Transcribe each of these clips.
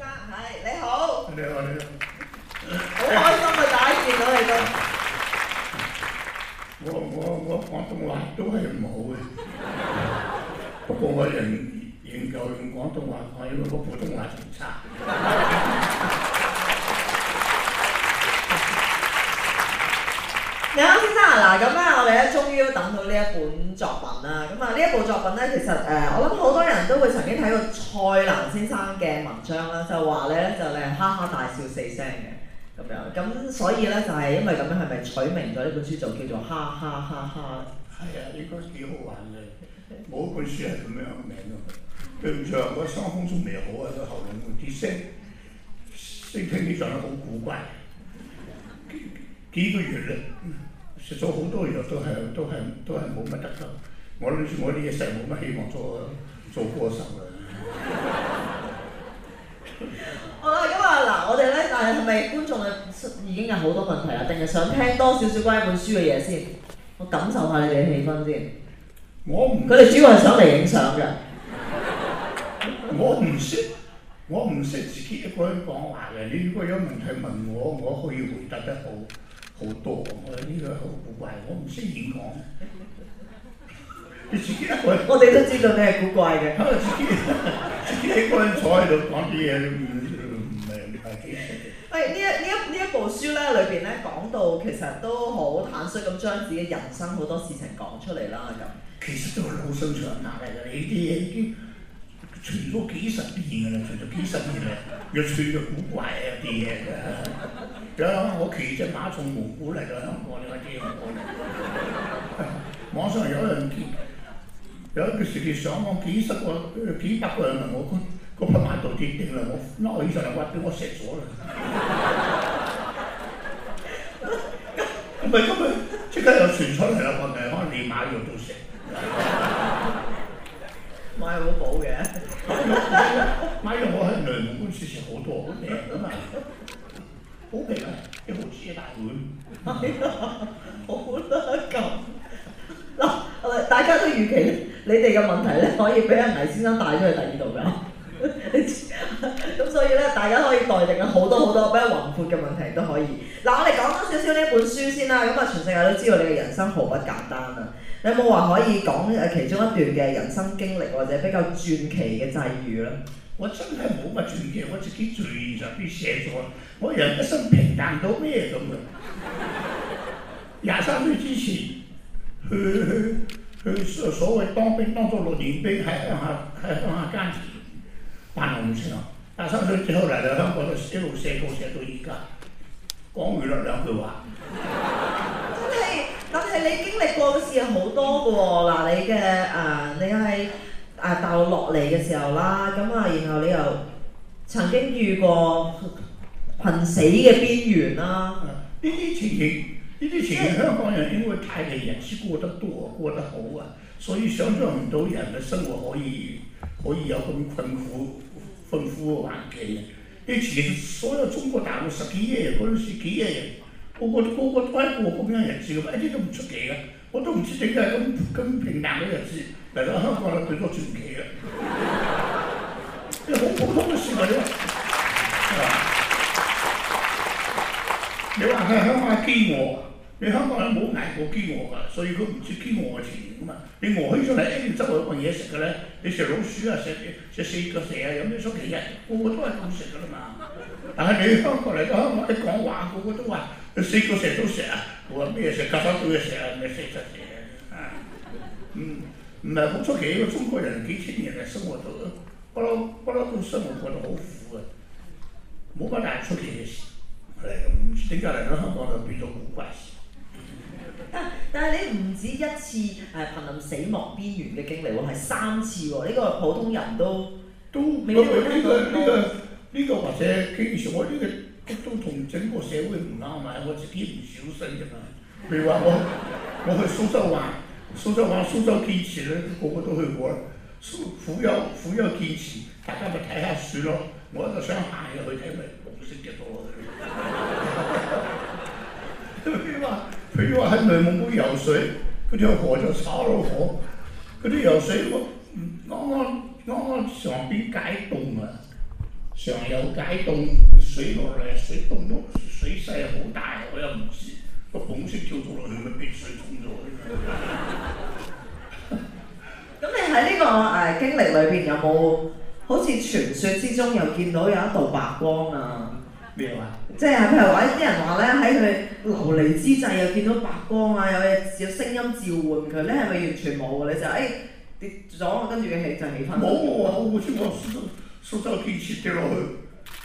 係，你好，你好你好，好 開心啊！第一次見到你都，我我我廣東話都係唔好嘅， 不過我仍然研究用廣東話講，因為我個普通話仲差。 嗱咁啊，我哋咧終於都等到呢一本作品啦。咁啊，呢一部作品咧，其實誒，我諗好多人都會曾經睇過蔡瀾先生嘅文章啦，就話咧就咧哈哈大笑四聲嘅咁樣。咁所以咧就係因為咁樣，係咪取名咗呢本書就叫做哈哈哈哈？係啊，呢個幾好玩嘅。冇 本書係咁樣嘅名喎。對唔住，我傷風仲未好啊，後個喉嚨會啲聲，聲聽起上嚟好古怪。幾個月啦。食咗好多藥都係都係都係冇乜得㗎，我諗住我啲嘢成日冇乜希望做做歌手啦。好啦，咁啊嗱，我哋咧，誒係咪觀眾啊已經有好多問題啦，定係想聽多少少關於本書嘅嘢先？我感受下你哋嘅氣氛先。我唔，佢哋主要係想嚟影相㗎。我唔識，我唔識自己一個人講話嘅。你如果有問題問我，我可以回答得好。好多，呢、哎呢個好古怪，我唔識演講。你自己，我我哋都知道你係古怪嘅。自己一個人坐喺度講啲嘢，都唔明係呢一呢一呢一部書咧，裏邊咧講到其實都好坦率咁，將自己人生好多事情講出嚟啦。就其實都係老生常談嘅，你呢啲嘢已經。傳咗幾十年噶啦，傳咗幾十年啦，越傳越古怪啊啲嘢。咁我騎隻馬從蒙古嚟到香港，我嚟嗰啲蒙古嚟，網上有兩條，有幾十幾雙，有幾十個、幾百個兩條毛根，我怕萬度跌定兩毛，我攞起上嚟我話俾我食咗啦，唔係唔係，今日即刻又傳出嚟啦，我哋可能連馬肉都食。買，有有的 買的好，好嘅，買嘢我係兩款書食好多好平啊嘛，好平啊，有好書嘅大會，好啦咁嗱，大家都預期你哋嘅問題咧可以俾阿倪先生帶咗去第二度㗎，咁 所以咧大家可以待定啊，好多好多比較宏闊嘅問題都可以。嗱， 我哋講多少少呢一本書先啦，咁啊全世界都知道你嘅人生毫不簡單啊！你有冇話可以講誒其中一段嘅人生經歷，或者比較傳奇嘅際遇咧？我真係冇乜傳奇，我自己最緊要寫咗，我人一生平淡到咩咁嘅？廿三歲之前去去所所謂當兵當咗六年兵，喺鄉下喺鄉下耕田，但係我唔識咯。廿三歲之後嚟到香港就寫路寫路寫到而家，講完兩句話。但係你經歷過嘅事有好多嘅喎，嗱你嘅誒，你喺誒大陸落嚟嘅時候啦，咁啊，然後你又曾經遇過瀕死嘅邊緣啦。呢啲情形，呢啲情形、就係，香港人因為太離日子過得多，過得好啊，所以想象唔到人嘅生活可以可以有咁困苦艱苦嘅環境。一其實所有中國大陸十幾億人，嗰陣時幾億人。個個個個都喺過咁樣日子，咁一啲都唔出奇嘅。我都唔知點解咁咁平淡嘅日子嚟到香港啦、啊，最多傳奇嘅。即係普通嘅事嚟、啊、嘅。你話係、 啊、香港飢餓，你香港人冇捱過飢餓㗎，所以佢唔知飢餓嘅情形啊嘛。你餓起上嚟，誒，執一啲嘢食嘅咧，你食老鼠啊，食食四腳蛇啊，有咩出奇嘅？個個都係咁食㗎啦嘛。但 係、啊、你香港嚟到香港，一講話個個都話。水果食都食啊，我咩食，家常都要食，咪三隻菜，啊，嗯，唔係好出奇，因為中國人，幾千年嘅生活都，不嬲不嬲都生活過得好苦嘅，冇乜難出奇嘅事，係唔知點解，嚟到香港就變咗古怪事？但係你唔止一次誒瀕臨死亡邊緣嘅經歷喎，係三次喎，呢個普通人都都冇乜呢個呢個呢個或者經驗，我呢個。都同整個社會唔啱埋，我自己唔小心啫嘛。譬如話我，我去蘇州玩，蘇州玩蘇州建設咧，個個都去過，蘇苦有苦有建設，大家咪睇下算咯。我就想行入去睇咪紅色嘅多。譬如話，譬如話喺內蒙古游水，嗰啲火就炒落火，嗰啲游水我啱啱啱啱上邊解凍啊，上有解凍。水落嚟，水東咗，水勢好大，我又唔知個桶先跳咗落去，咪俾水沖咗。咁 你喺呢個誒經歷裏邊有冇好似傳說之中又見到有一道白光啊？咩、嗯、話？即係譬如話啲人話咧喺佢流離之際又見到白光啊？有嘢有聲音召喚佢咧？係咪完全冇？你就誒跌咗，跟住起就起翻。冇啊！我我將個梳妝梳妝鏡跌落去。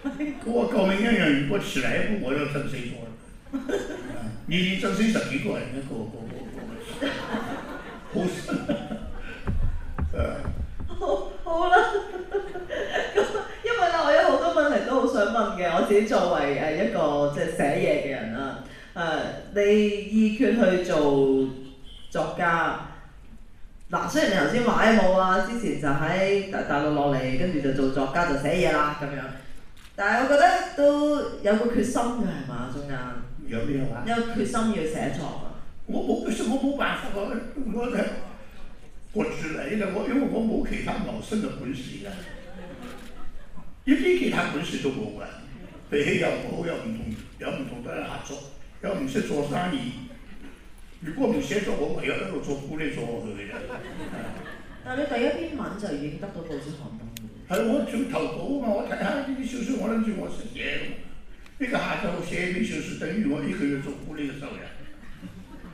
救命人一我救命恩人如果遲嚟一步，我就真死咗啦。啊，你你真死十幾個人一個，你過過好，啦好。咁， 因為咧，我有好多問題都好想問嘅。我自己作為誒一個即係寫嘢嘅人啊，誒，你意決去做作家？嗱，雖然你頭先話冇啊，之前就喺大大陸落嚟，跟住就做作家就寫嘢啦咁樣。但係我覺得都有個決心嘅係嘛，鍾生。有咩話、啊？有決心要寫作啊！我冇決心，我冇辦法啊！我我過住你啦，我，我，我因為我冇其他謀生嘅本事啦，一啲其他本事都冇噶。脾氣又唔好，又唔同，又唔同得人合作，又唔識做生意。如果唔寫作，我唯有喺度做，我嚟做去啦、嗯。但係你第一篇文就已經得到報紙刊登？係我做投稿嘛，我睇下呢啲小說，我諗住我食嘢。呢、這個下晝寫啲小說，等於我呢個月做嗰啲嘅收入。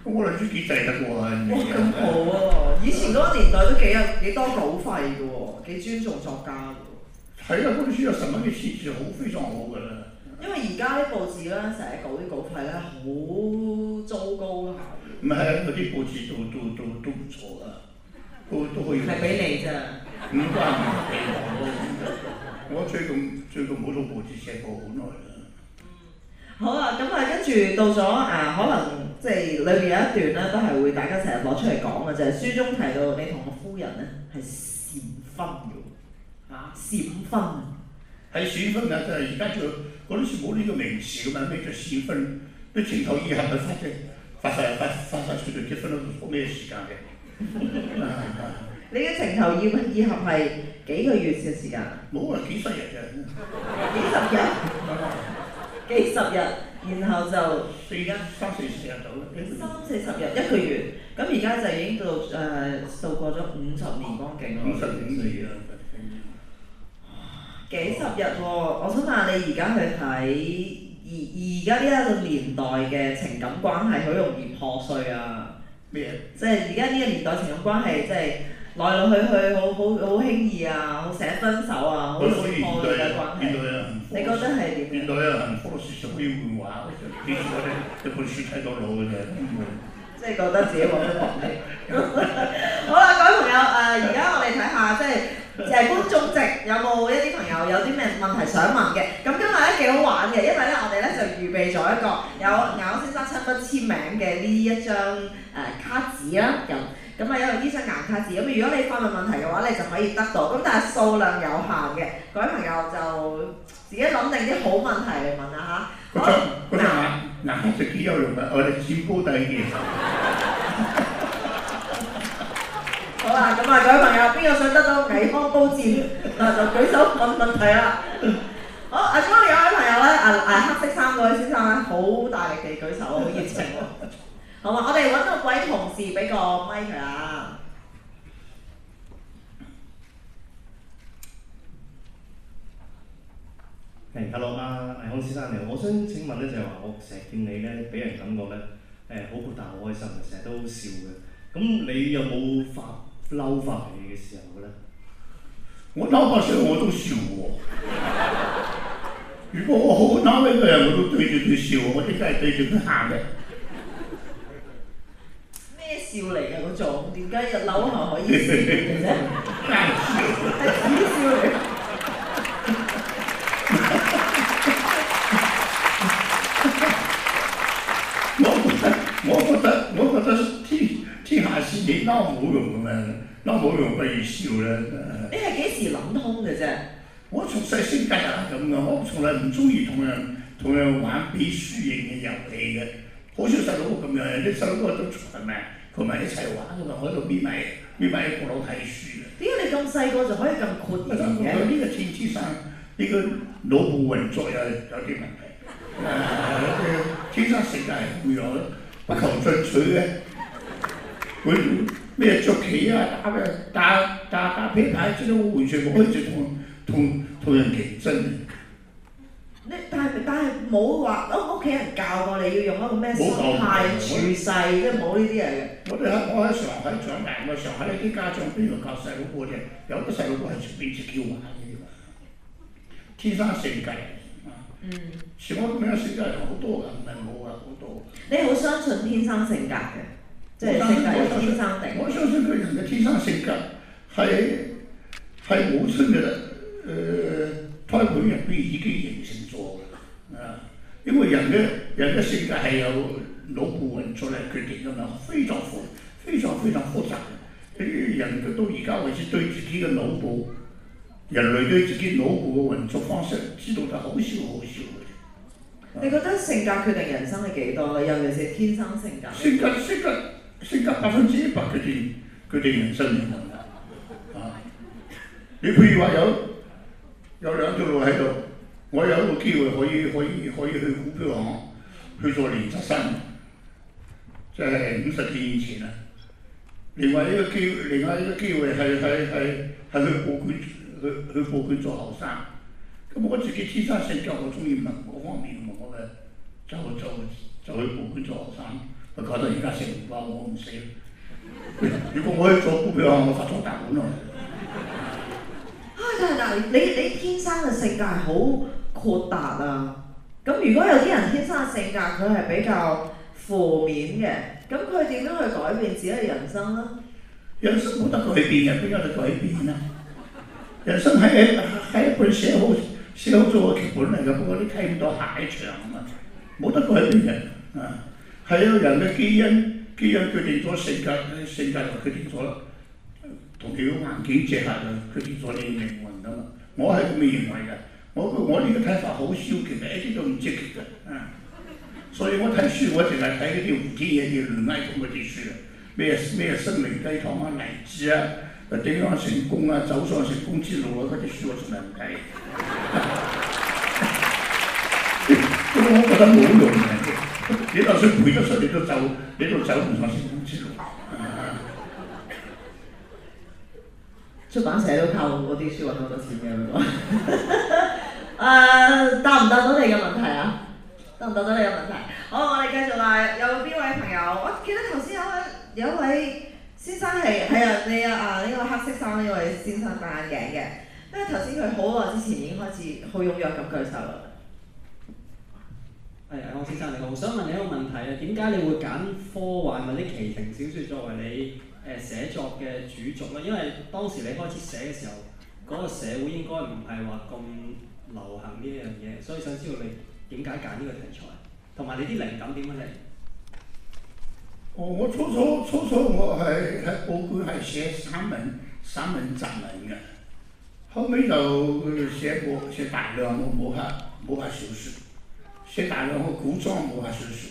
我諗住幾抵得過啊。哇，咁好啊！ 以前嗰個年代都幾有、啊、幾多稿費嘅喎，幾尊重作家嘅喎。睇下本書有十蚊嘅錢就，就好非常好嘅啦。因為而家啲報紙咧，成日搞啲稿費咧，好糟糕啊。唔係，啲報紙都都都都唔錯啊，都都可以做。係俾你咋？唔關我事，我最近最近冇同報紙寫過好耐啦。嗯，好啊，咁啊，跟住到咗啊，可能即係裏邊有一段咧，都係會大家成日攞出嚟講嘅就係、是、書中提到你同我夫人咧係閃婚嘅，嚇閃婚係閃婚啊！就係而家就嗰時冇呢個名詞咁樣，咩叫閃婚？都情投意合就發晒，發發發發出嚟結婚都咩時間嘅。 你嘅情投意意合係幾個月嘅時間啊？冇啊，幾十日嘅，幾十日，幾十日，然後就四家三四十日到啦。幾三四十日一個月，咁而家就已經到誒度過咗五十年光景咯。五十幾年，幾十日喎？我想問下你，而家去睇而而家呢一個年代嘅情感關係，好容易破碎啊！咩啊？即係而家呢個年代情感關係，即係。來來去下去，好好好輕易啊，好想分手啊，好容易破呢啲關係。你覺得係年代啊是？年代啊！講個説話，呢本書睇到老嘅即係覺得自己冇乜學歷。 好啦，各位朋友，誒、呃，而家我哋睇下，即係誒觀眾席有冇一啲朋友有啲咩問題想問嘅？咁今日咧幾好玩嘅，因為咧我哋咧就預備咗一個有倪先生親筆簽名嘅呢一張誒、呃、卡紙啦、啊，有。咁啊，有個醫生顏卡字咁啊，如果你發問問題嘅話咧，就可以得到。咁但係數量有限嘅，各位朋友就自己諗定啲好問題嚟問下嚇。唔該，嗱，顏卡最緊要用嘅，我哋先鋪地嘅。好啊，咁啊，各位朋友邊個想得到倪匡刀劍嗱就舉手問問題啦。好啊，咁啊，有位朋友咧啊啊黑色衫嗰位先生啊，好大力地舉手，好熱情喎。好嘛，我哋揾個鬼同事俾個麥佢啊。係，hey，hello，倪匡先生嚟，我想請問呢，就係話我成日見你呢，俾人感覺呢，誒好豁達、好開心，成日都笑嘅。咁你有冇發嬲發脾氣嘅時候呢？我嬲發脾氣，我都笑㗎。如果我好嬲嗰樣，我都對住佢笑，我只係對住佢喊嘅。笑嚟嘅嗰種，點解一嬲下可以笑嘅啫？係點笑嚟。我覺得我覺得我覺得天下事，鬧冇用咁樣，鬧冇用不如笑啦。你係幾時諗通嘅啫？我從細性格啊，咁嘅，我從來唔中意同人同人玩比輸贏嘅遊戲嘅，好少細佬咁樣，啲細佬都熟嘅咩？同埋一齊玩，我話喺度邊埋邊埋個,個,、這個腦睇書啦！點解你咁細個就可以咁闊言嘅？呢個天資上呢個腦部運作、啊、有有啲問題。啊那個、天生性格係咁樣，不求進取嘅、啊。佢咩捉棋啊、打咩？打打打啤牌，其實我完全唔可以再同通通人競爭，真。你但係但係冇話屋企人教過你要用一個咩心態處世，即係冇呢啲嘢嘅。我喺我喺上海長大，我啊上海呢啲家長邊度教細路哥啫？有啲細路哥係隨便隨叫玩嘅，天生性格啊。嗯。似我咁樣嘅性格好多噶，唔係冇啊，好多。你好相信天生性格嘅，即係、就是、性格天生定？我相信佢人嘅天生性格係係我識嘅，誒，胎、呃、本分入邊已經形成。因為人咧，人嘅性格係由腦部運作嚟決定㗎嘛，非常複，非常非常複雜嘅。人到到而家為止對自己嘅腦部，人類對自己腦部嘅運作方式，知道得好少好少嘅。你覺得性格決定人生係幾多咧？尤其是天生性格，性格？性格性格性格百分之一百決定決定人生命運㗎。 啊，你譬如話有又兩條路喺度。我有個機會可以可以可以去股票行，啊，去做練習生，即係五十幾年前啦。另外一個機，另外一個機會係係係係去報館去去報館做後生。咁我自己天生性格我中意文，嗰方面我咪就就就去報館做後生，咪搞到而家成日話我唔死，哎。如果我去做股票行，啊，我發咗大咯。嗱，你你天生嘅性格係好豁達啊！咁如果有啲人天生性格佢係比較負面嘅，咁佢點樣去改變自己嘅人生咧？人生冇得改變嘅，邊有得改變咧？人生喺喺一,一本寫好寫好咗嘅劇本嚟嘅，不過你睇唔到下一場啊嘛，冇得改變嘅啊，係有人嘅基因基因決定咗性格，性格就決定咗啦。同佢嘅環境接下佢，佢先再命運噶嘛。我係咁認為嘅。我我呢個睇法好消極，其實一啲都唔積極嘅。嗯，所以我睇書、啊啊啊啊啊， 我淨係睇嗰啲蝴蝶嘢，戀愛咁嗰啲嘢書嘅，咩咩生命雞湯啊，勵志啊，對抗成功啊，走上成功之路啊，嗰啲書我從來唔睇。咁我覺得冇用嘅，你就算背得出，你都走，你都走唔上成功之路。出版社都靠嗰啲書揾好多錢嘅啦，誒答唔答到你嘅問題啊？答唔答到你嘅問題？好，我哋繼續啦。有邊位朋友？我記得頭先有位有位先生係喺啊呢啊呢、呢個黑色衫呢位先生戴眼鏡嘅，因為頭先佢好耐之前已經開始好踴躍咁舉手啦。係、哎、啊，王先生你好，想問你一個問題啊，點解你會揀科幻或者奇情小説作為你？誒寫作嘅主軸啦，因為當時你開始寫嘅時候，嗰個社會應該唔係話咁流行呢樣嘢，所以想知道你點解揀呢個題材，同埋你啲靈感點樣嚟？哦，我初初初初我係喺報館係寫三文、三文雜文嘅，後尾就寫過寫大量我冇拍冇拍小說，寫大量我古裝冇拍小說。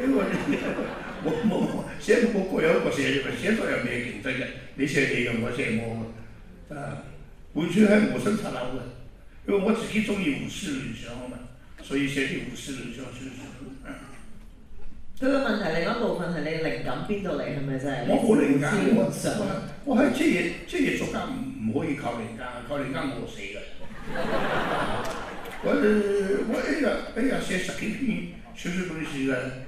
因 為我冇冇寫冇個有個寫，寫作有咩競爭嘅，你寫你用我寫我啊，啊完全係無心插柳嘅，因為我自己中意胡思亂想啊嘛，所以寫啲胡思亂想出嚟。嗰個問題嚟講，部分係你靈感邊度嚟係咪真？我冇靈感，我寫我喺職業作家唔可以靠靈感，靠靈感我死㗎、 呃。我我哎呀哎呀寫十幾篇，寫十幾篇啦～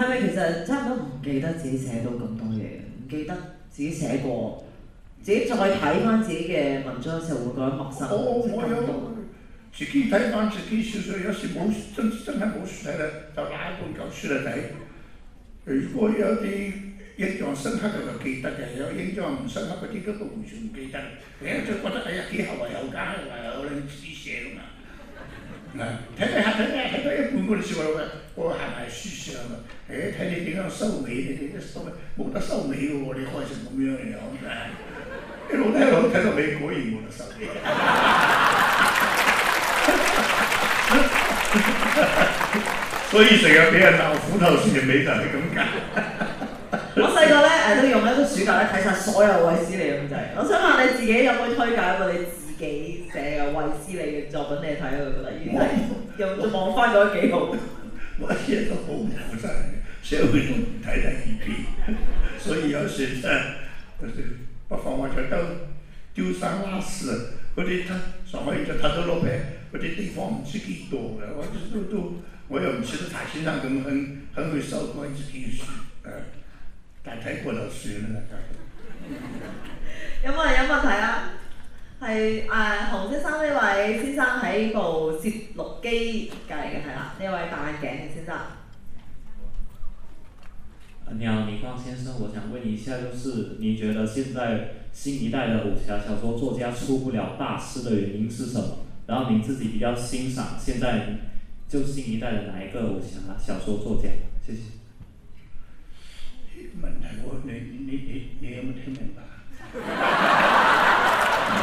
係咪其實差唔多唔記得自己寫到咁多嘢，唔記得自己寫過，自己再睇翻自己嘅文章嘅時候，會覺得陌生我。我有自己睇翻自己書書有時冇真真係冇書睇就拉一本舊書嚟睇。如果有啲印象深刻嘅就記得嘅？有印象唔深刻嘅地方都唔記得。你一冇覺得哎呀一啲後遺有遺症啊？或者自己寫咁樣。睇你嚇睇到睇你一半嗰陣時，我我我行行輸輸睇到點樣收尾咧？你點樣收尾冇得收尾喎！你開成咁樣嘅，我真係，一路睇一睇到你果然冇得收尾。 所以成日俾人鬧虎頭蛇尾就係咁解。 我細個咧誒都用一個暑假咧睇晒所有位置嚟。咁滯。我想問你自己有冇推介過你？幾寫啊，衛斯理嘅作品你睇佢。覺得已經又望翻咗幾好。乜嘢都好唔睇得人嘅，所以唔睇得起佢。所以有時真係，啊、不放我上刀，丟三落四。嗰啲他上海叫塔都落平，嗰啲地方唔知幾多嘅，我都都都，我又唔識得陳先生咁樣，很會收翻自己嘅書，誒、啊，但睇過就算啦。 有冇人有冇睇啊？係誒，紅先生呢位先生，喺部攝錄機隔籬嘅係啦，呢、啊、位戴眼鏡嘅先生、啊。你好，倪匡先生，我想問一下，就是你覺得現在新一代嘅武俠小說作家出不了大師嘅原因係什麼？然後你自己比較欣賞現在就新一代嘅哪一個武俠小說作家？謝謝。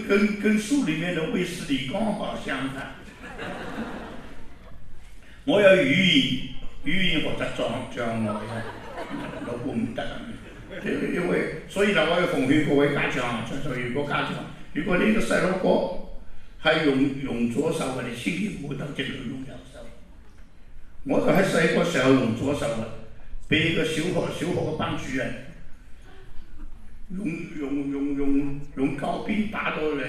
跟跟書裏面的衛斯理剛好相反，我有語言語言學習障礙，老公唔得啊！因為所以啦，我要奉勸各位家長，就就如果家長，如果你個細佬哥係用用左手，或者先天唔得勁去用右手，我就喺細個時候用左手啊，俾個小學小學個班主任用用用用。用膠鞭打到你，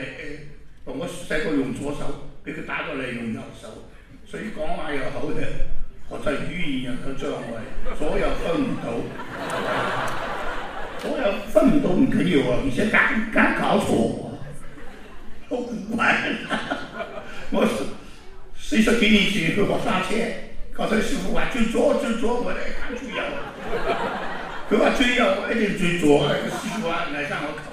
我細個用左手，俾佢打到嚟用右手，所以講話又好嘅，學習語言嘅障礙，左右分唔到，左右分唔到唔緊要啊，而且揀揀搞錯啊，我唔揀，我四十幾年前我上車，搞到幾十萬就左就左我嚟揀就右。佢話追右，我一定左，係幾十萬嚟我。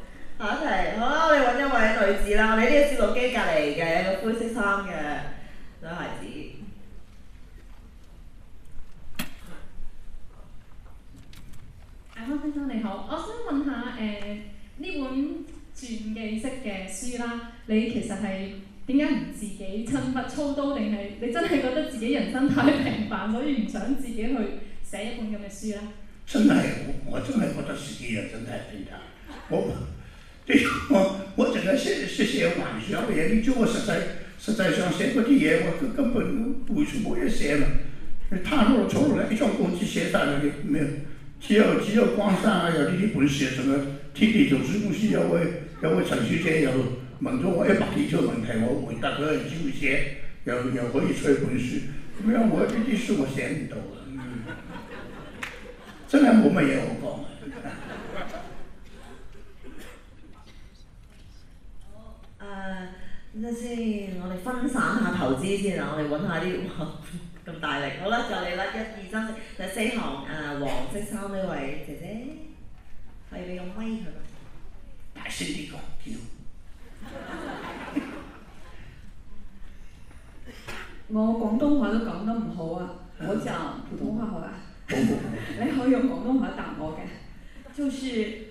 下一題好啦，我哋揾一位女子啦。我哋呢個攝錄機隔籬嘅，一個灰色衫嘅女孩子。倪匡先生你好，我想問下誒呢、呃、本傳記式嘅書啦，你其實係點解唔自己親筆操刀，定係你真係覺得自己人生太平凡，所以唔想自己去寫一本咁嘅書咧？真係，我真係覺得自己啊真係平淡，我。 對，我我淨係寫，寫寫玩笑嘅，你叫我實在，實在想寫嗰啲嘢，我根根本完全冇嘢寫啦。他路、走從，來一張紙寫曬啦，沒咩？只有只有光山啊，有啲啲本什麼事啊，咁樣天地投資公司有位，有位陳小姐又問咗我一百幾千問題，我回答佢，招寫，又又可以出一本書，咁樣，我呢啲書，一手一手一手我寫唔到嗯，真係冇乜嘢好講。誒、啊、睇下先，我哋分散下投資先啊！我哋揾下啲咁大力，好啦，就嚟啦，一二三四，第四行誒黃色衫呢位，姐姐，可以用咪佢啦。大聲啲講。我廣東話都講得唔好啊，我講普通話好啦， 你可以用廣東話答我嘅，就是。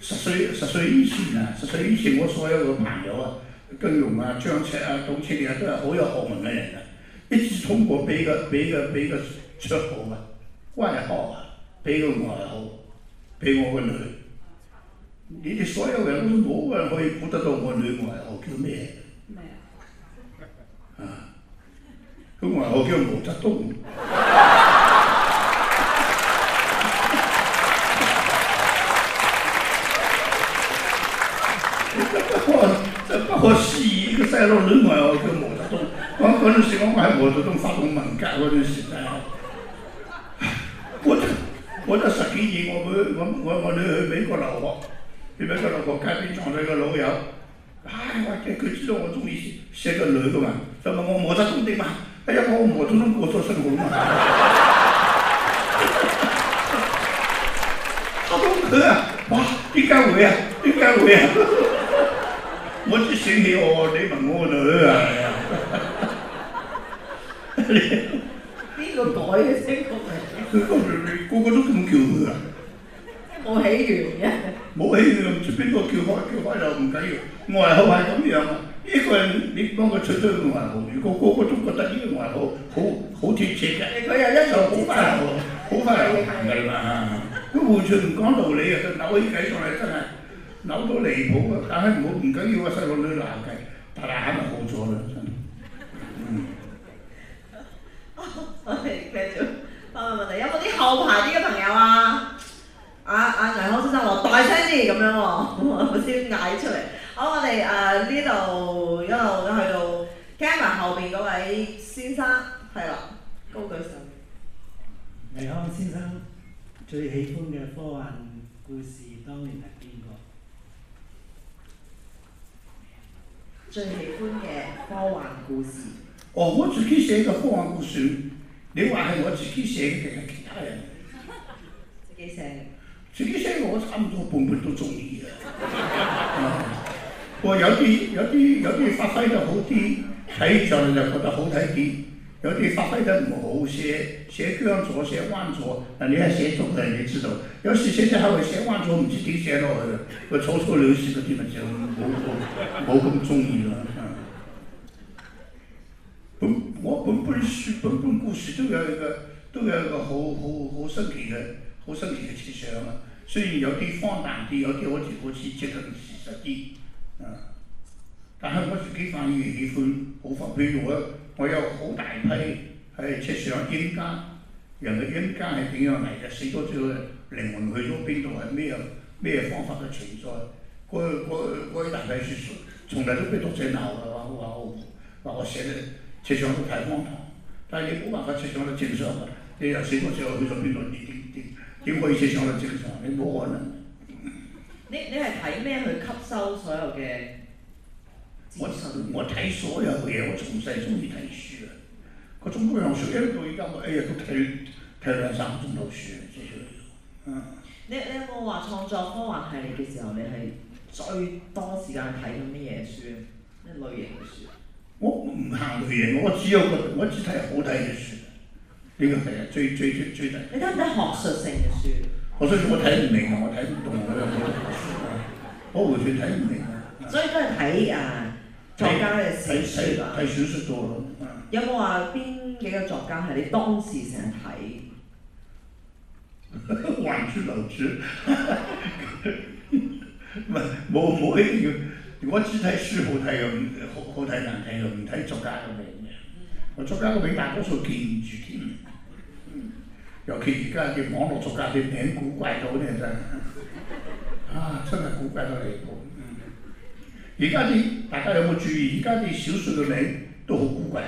十歲，十歲以前啊，十歲以前我所有嘅朋友啊，金庸啊、張七啊、董赤啊，都係好有學問嘅人啊。一直通過俾個俾個俾個綽號啊，外號啊，俾個外號俾我個女。你哋所有人都冇人可以估得到我女外號叫咩？咩啊？啊！個外號叫毛澤東。 我試一個細路女話我叫毛澤東，講嗰陣時我喺毛澤東發動文革嗰陣時咧，我我得十幾年我去，我我我我哋去美國留學，去美國留學街邊撞到個老友，唉、哎，我即係佢知道我鍾意寫個文噶嘛，即係我毛澤東啲嘛，哎呀，我毛澤東過咗身嗰嘛，好得意啊，哇，應該會啊，應該會啊。我先醒起哦，你問我個女啊？邊個改佢先過嚟。個個都咁叫佢啊？冇起鬨嘅。冇起鬨，唔知邊個叫開，叫開就唔緊要。外號係咁樣啊，呢個人你幫佢出個外號。如果個個都覺得呢個外號好好貼切嘅，佢又一路好快，好快行㗎嘛。佢完全唔講道理啊！真係扭起計上嚟，真係。諗到離譜啊！但係唔好唔緊要啊，細路女鬧嘅，大大下就好咗啦。嗯，我哋聽咗發問問題，有冇啲後排啲嘅朋友啊？阿阿倪匡先生喎，大聲啲咁樣喎，我先嗌出嚟。好，我哋誒呢度一路都去到 camera 後邊嗰位先生，係啦，高舉手。倪匡先生最喜歡嘅科幻故事，當然係。最喜歡嘅科幻故事。哦，我自己寫嘅科幻故事，你話係我自己寫嘅定係其他人？自己寫。自己寫嘅，我差唔多半半都中意啊。 我有啲有啲有啲發揮得好啲，睇上嚟就覺得好睇啲。有啲發揮得唔好，寫寫僵咗，寫彎咗。嗱、啊，你係寫作嘅，你知道。現在還有時寫至係會寫彎咗唔知點寫落去咯，個草草了事嗰啲咪就冇冇咁中意咯。本我本本書，本本故事都有一個，都有一個好好好新奇嘅好新奇嘅設想啊！雖然有啲荒誕啲，有啲好似好似接近事實啲，啊！啊啊啊啊啊啊啊但係我自己反而喜歡好佛，譬如我我有好大批係設想影家，人嘅影家係點樣嚟嘅？死咗之後靈魂去咗邊度？係咩咩方法嘅存在？嗰嗰嗰啲大批書從來都俾讀者鬧嘅話，話我話我寫嘅設想都太荒唐，但係你冇辦法設想都正常，你又死咗之後去咗邊度點點點？點可以設想係正常，你冇可能。你你係睇咩去吸收所有嘅？不我我睇所有嘅嘢，我從細中意睇書嘅。嗰種嗰樣書，一路到而家我，哎呀，都睇睇兩三個鐘頭書，真係。嗯、啊。你你有冇話創作科幻系列嘅時候，你係最多時間睇到咩嘢書啊？咩類型嘅書？我唔行類型，我只有我只睇好睇嘅書，呢、呢個係最最最最。你得唔得學術性嘅書？學術書我睇唔明啊，我睇唔懂啊，我完全睇唔明、嗯、 明， 明 啊。所以都係睇啊。作家嘅事，睇小說多咯、嗯。有冇話邊幾個作家係你當時成日睇？還珠樓主？唔係冇冇嘅，我只睇書好，好睇又，好好睇，難睇唔睇作家嘅名嘅。嗯、作家嘅名大多數記唔住添、嗯，尤其而家嘅網絡作家啲名古怪到咧、 啊、真，啊真係古怪到你而家啲大家有冇注意？而家啲小說嘅名都好古怪，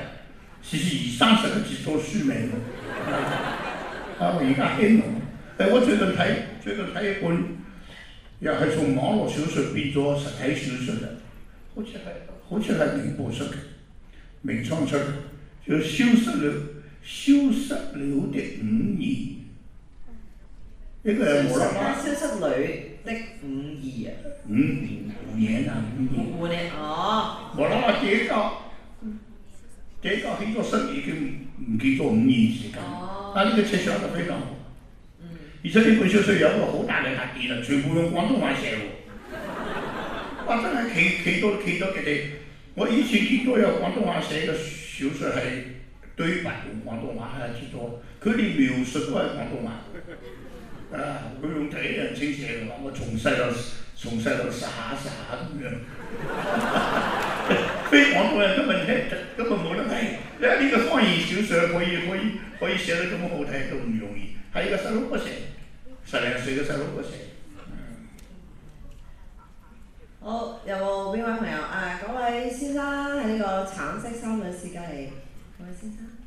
時至二三十個字做書名、 啊。我而家興喎，誒，我最近睇最近睇一本，又係從網絡小說變咗實體小說啦，好似係好似係名部出嘅明創出嘅，叫消失女消失女的五年。消失家消失女。得五二啊，五年五年啊，五年，五年五年我嗯、五哦，冇諗過這個，這個很多生意都唔記得五年時間。啊，呢個寫寫得非常好，而且呢本小説有個好大嘅特點啦，全部用廣東話寫喎， 我真係睇睇到睇到佢哋。我以前見到有廣東話寫嘅小説係對白用廣東話係最多，佢哋描寫都係廣東話。啊！佢用第一人稱寫嘅話，我從細到從細到撒撒咁樣，非我唔係根本係根本冇得睇。你話呢個方言小説可以可以可以寫得咁好睇都唔容易，係一個細路哥寫，十零歲嘅細路哥寫。好，有冇邊位朋友？誒，嗰位先生喺呢個橙色衫嘅隔籬。嗰位先生。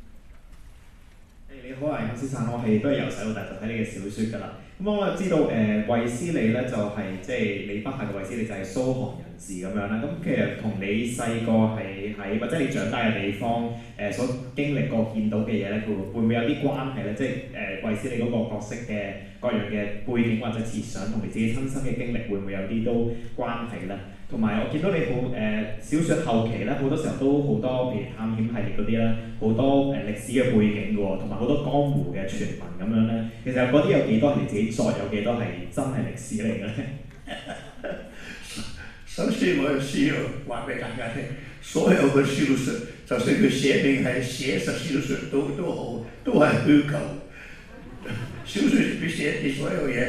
你好啊，倪先生，我係都係由細到大就睇你嘅小説㗎啦。咁、嗯、我又知道誒，衛、呃、斯理咧就係即係你筆下嘅衛斯理就係蘇杭人士咁樣啦。咁、嗯、其實同你細個係喺或者你長大嘅地方誒、呃、所經歷過見到嘅嘢咧，佢會會唔會有啲關係咧？即係誒衛斯理嗰個角色嘅各樣嘅背景或者設想，同你自己親身嘅經歷會唔會有啲都關係咧？同埋我見到你好誒、呃，小說後期咧，好多時候都好多，譬如探險系列嗰啲啦，好多誒歷、呃、史嘅背景嘅喎，同埋好多江湖嘅傳聞咁樣咧。其實嗰啲有幾多係你自己作？有幾多係真係歷史嚟嘅咧？ 首先我要先，話俾大家聽，所有嘅小說，就算佢寫明係寫實小說，都都好都都係虛構。小說比寫啲所有嘢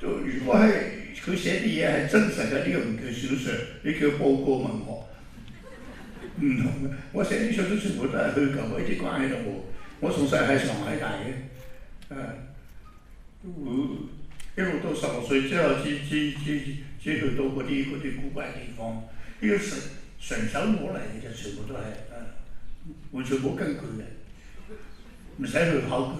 都，如果係。佢寫啲嘢係真實嘅，呢個唔叫小說，呢叫報告文學。嗯，我寫啲小說全部都係虛構，一啲關係都冇。我從細喺上海大嘅，嗯、啊，我一路一路到十六歲之後，去去去去至去到嗰啲嗰啲古怪地方，呢個純純手攞嚟嘅，全部都係誒，完全冇根據嘅，唔去到好。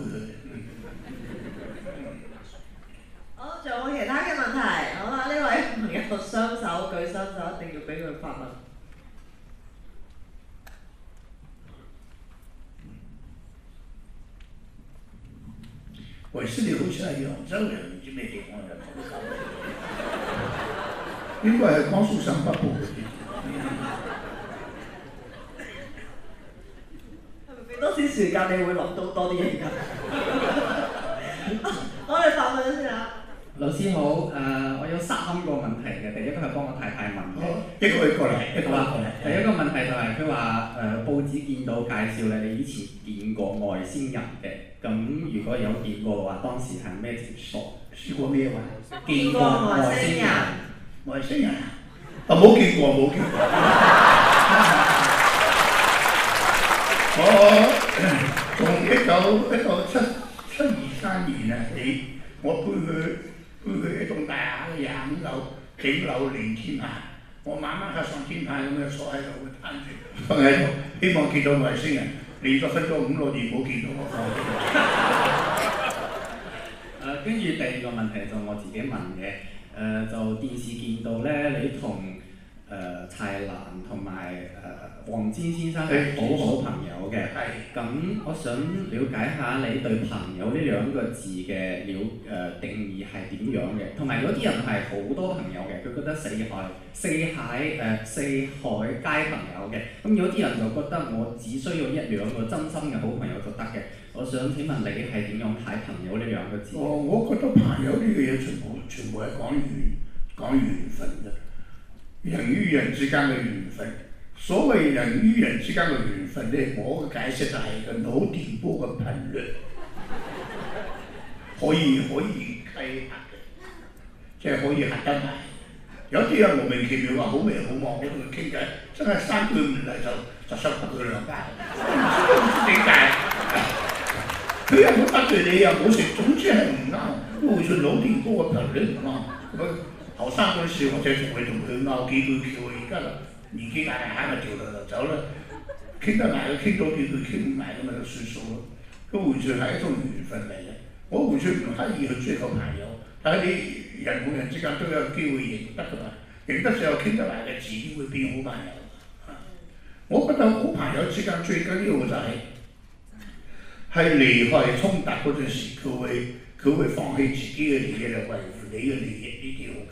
好，仲有冇其他嘅問題？好啦，呢位朋友雙手舉身就一定要俾佢發問。我先嚟好笑，我真係唔知咩叫好笑。呢個係光速上發布嘅。係咪俾多啲時間，你會諗到多啲嘢㗎？我哋發問先啦。老師好、呃，我有三個問題嘅，第一個係幫我太太問嘅、哦，一個嚟過嚟，好啊。第一個問題就係佢話誒報紙見到介紹咧，你以前見過外星人嘅？咁如果有見過嘅話，當時係咩節目？說過咩話？見過外星人，外星人，冇、啊、見過，冇見過。我從一九一九七七二三年啊，你、 哎、我背佢。佢一棟大廈廿五樓，幾樓連天台。我晚晚去上天台咁樣坐喺度攤住，放喺度，希望見到外星人。你都分咗五個月冇見到我。誒，跟 住、呃、第二個問題就我自己問嘅，誒、呃、就電視見到咧，你同誒蔡瀾同埋誒黃霑先生係好好朋友嘅，係，咁我想了解下你對朋友呢兩個字嘅了誒、呃、定義係點樣嘅？同埋有啲人係好多朋友嘅，佢覺得四海四海誒、呃、四海皆朋友嘅，咁有啲人就覺得我只需要一兩個真心嘅好朋友就得嘅。我想請問你係點樣睇朋友呢兩個字、呃？我覺得朋友呢樣嘢全部全部係講緣講緣分嘅。人與人之間嘅緣分，所謂人與人之間嘅緣分咧， 我嘅解釋就係一個腦電波嘅頻率，可以、契合、可以係即係可以合得埋。有啲人莫名其妙話好明好望，喺度傾偈，真係三句唔嚟就就收 不佢兩家，都唔知點解。佢又冇得罪你，又冇好食，總之係唔啱。我話做腦電波嘅頻率，啊，我。我生嗰時，我就同佢同佢鬧幾句，佢叫佢，佢就年紀大，又就走咗。傾得埋佢傾多啲，佢傾唔埋佢咪就算數咯。佢完全係一種緣分嚟嘅。我完全唔刻意去追求朋友，但係你人與人之間都有機會認得㗎嘛。認得之後，傾得埋嘅自然會變好朋友。我覺得好朋友之間最緊要就係係離開衝突嗰陣時，佢會佢會放棄自己嘅利益嚟維護你嘅利益，呢啲。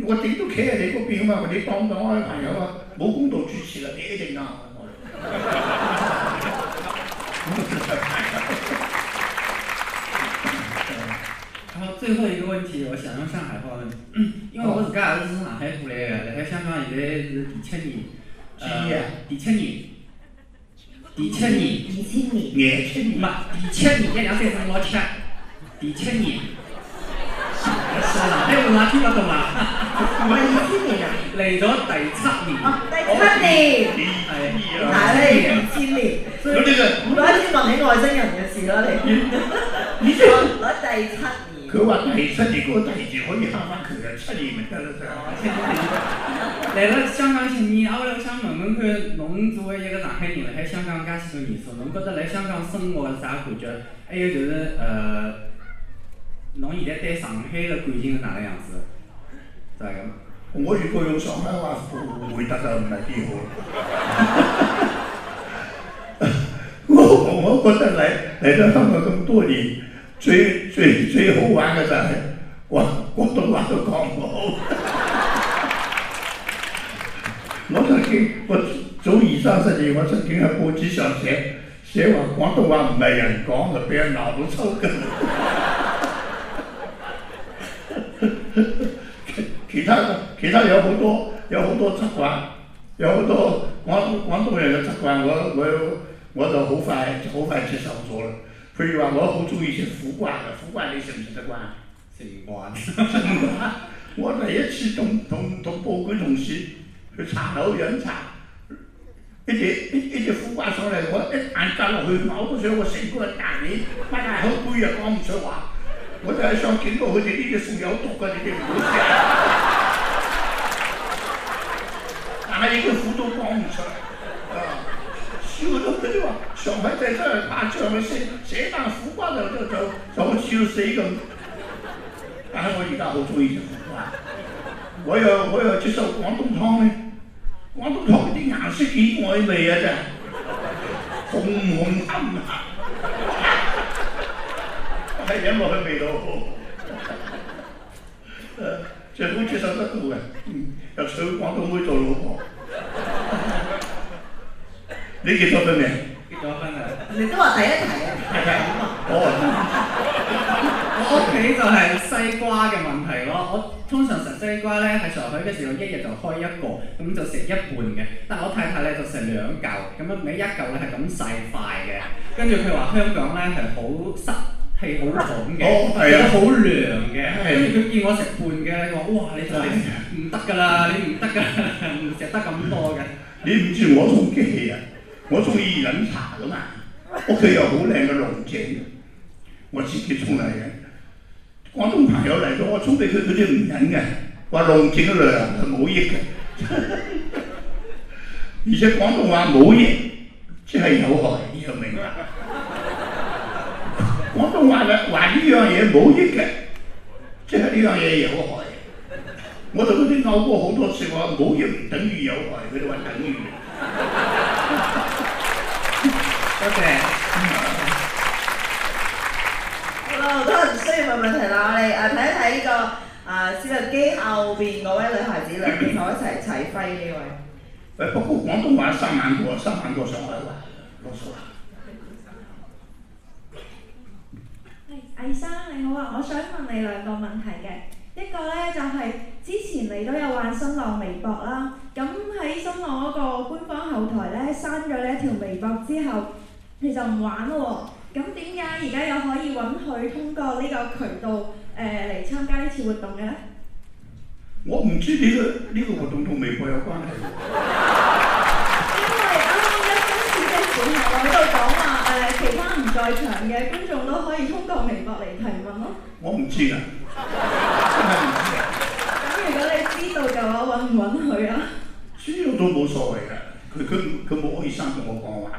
我點都企喺你嗰邊啊嘛，你當我係朋友啊，冇公道主持啦，你一定啊！哈哈哈哈哈！好，最後一個問題，我想用上海話問，因為我自己係嚟自上海土來嘅，嚟喺香港現在是第七年，七年，第七年，第七年，第七年，第七年，第七年，兩三年冇七，第七年。嗱、 啊，你換下天文動物，係 二、啊、千年啊，嚟 咗第七年、哦，第七年，係、哦哎、啊，係二千年。咁呢個，我開始問起外星人嘅事啦、啊，你攞、 啊、第七年。佢話第七年過 第二年， 年，年可以嚇翻佢嘅七年。 七年了 來到香港七年，阿我我想問問佢，你作為一個上海人嚟喺香港咁多年數，你覺得嚟香港生活係啲咩感覺？還有就是，呃。你現在對上海的感情是哪個樣子的？是、哦、我如果用上海話回答得蠻顛好。我我覺得來來到香港這麼多年，最最最好玩個就係，哇，廣東話都講唔好。 我曾經我早二三十年，我曾經喺報紙上我不寫寫話廣東話唔係人講，就俾人鬧到抽筋。 其，其他其他有好多有好多習慣，有好多廣廣,廣東人嘅習慣。我我我就好快好快接受咗啦。譬如話我好中意食苦瓜嘅，苦瓜你食唔食得慣？食慣。 我第一次同同同報館同事去茶樓飲茶，一隻一隻苦瓜上嚟，我一眼加落去，我都想，我四個人帶你，大不但係好攰啊，講唔出話。我就係想警告佢哋呢啲餸有毒啊！你哋唔好食。但係依個苦都講唔出，啊笑到佢哋話上喺地山拍場咪寫寫啖苦瓜就就就笑死咁。但係我而家好鍾意食苦瓜，我又、啊、我又接受廣東湯咧。廣東湯啲顏色曖昧啊，真係紅黃暗、啊。飲落去味道好，誒，食風味食得多嘅，要食廣東妹做老婆。你結咗婚未？結咗婚啊？你都話第一題啊？哦，我屋企就係西瓜嘅問題咯。我通常食西瓜咧，喺上海嘅時候一日就開一個，咁就食一半嘅。但我太太咧就食兩嚿，咁樣咪一嚿咧係咁細塊嘅。跟住佢話香港咧係好濕。係好爽嘅，食得好涼嘅。跟住佢見我食半嘅，佢話：哇！你仲唔得㗎啦？你唔得㗎，唔食得咁多㗎。你唔知我中意啊，我中意飲茶㗎嘛。屋企有好靚嘅龍井，我自己沖嚟嘅。廣東朋友嚟咗，我沖畀佢佢都唔飲嘅，話龍井涼啊，冇益嘅。而且廣東話冇益，即係有害，你明嘛？廣東話嘅話呢樣嘢冇益嘅，即係呢樣嘢有害。我喺嗰啲咬過好多次，我話冇益，等於有害，佢哋話等於。多謝。好啦，都係唔需要問問題啦，我哋啊睇一睇呢個啊攝像機後邊嗰位女孩子兩邊坐一齊齊揮呢位。誒不過廣東話上海話，上海話少啲啩，冇錯啦。倪生，你好啊！我想問你兩個問題嘅，一個咧就係之前你都有玩新浪微博啦，咁喺新浪嗰個官方後台咧刪咗呢一條微博之後，你就唔玩咯喎，咁點解而家又可以允許通過呢個渠道誒嚟參加呢次活動嘅咧？我唔知呢個呢個活動同微博有關係，因為啱啱，一開始嘅時候我喺度講話誒，其他唔在場嘅觀眾。微博嚟提問咯，我唔知㗎、啊。真係唔知。咁、 啊、如果你知道嘅話，允唔允許啊？知道都冇所謂嘅，佢佢冇可以生同我講話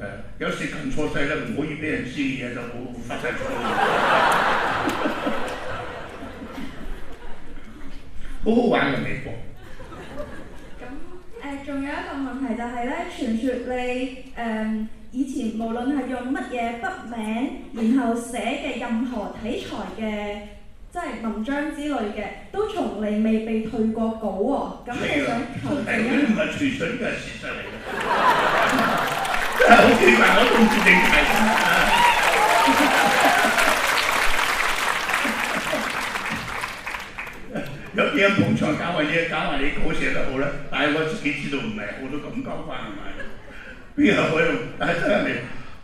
誒、呃、有時撳錯掣咧，唔可以俾人知嘅嘢就冇發曬出去，好好玩嘅微博。咁 誒、嗯，仲、呃、有一個問題就係咧，傳説你誒、嗯、以前無論係用乜嘢筆名，然後寫嘅任何題材嘅即係文章之類嘅，都從嚟未被退過稿喎、哦。係啊嗯、你想求其。呢唔係傳説嚟嘅，事實嚟嘅。我 好己話我都唔知點解，有啲人捧場搞埋嘢，搞埋你稿寫得好啦。但係我自己知道唔係，我都咁講翻係咪？邊個去？但真係咪？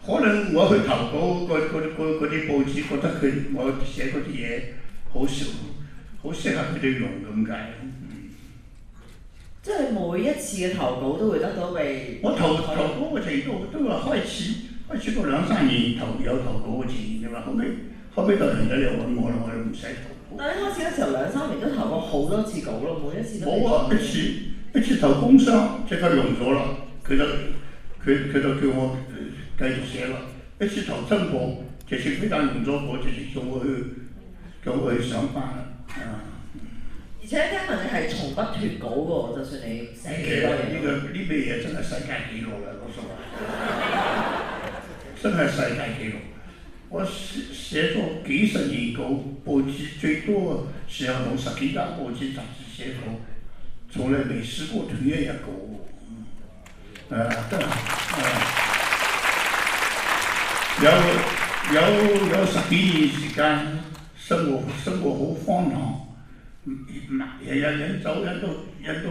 可能我去投稿嗰啲嗰啲報紙，覺得佢我寫嗰啲嘢好少，好適合佢哋用咁解。即係每一次嘅投稿都會得到被投稿，我投投稿嘅程度都都話，開始開始過兩三年投，有投稿嘅錢嘅嘛，後尾後尾突然間你又揾我啦，我唔使投稿。但係一開始嘅時候兩三年都投過好多次稿咯，每一次都冇啊！一次一次投工商即刻用咗啦，佢就佢佢就叫我繼、呃、續寫啦。一次投新聞，直接俾單用咗，我直接送我去走去上班啊！聽聞你係從不脫稿噶喎，就算你寫，這個這個這個、的呢個呢咩嘢，真係世界紀錄啦，老實話， 真係世界紀錄。我寫寫咗幾十年稿，報紙最多時候同十幾家報紙雜誌寫稿，從來未試過斷一頁稿。嗯、呃，啊得，啊、呃。有有有十幾年時間，生活生活好荒唐。唔、嗯，日日飲酒飲到飲到，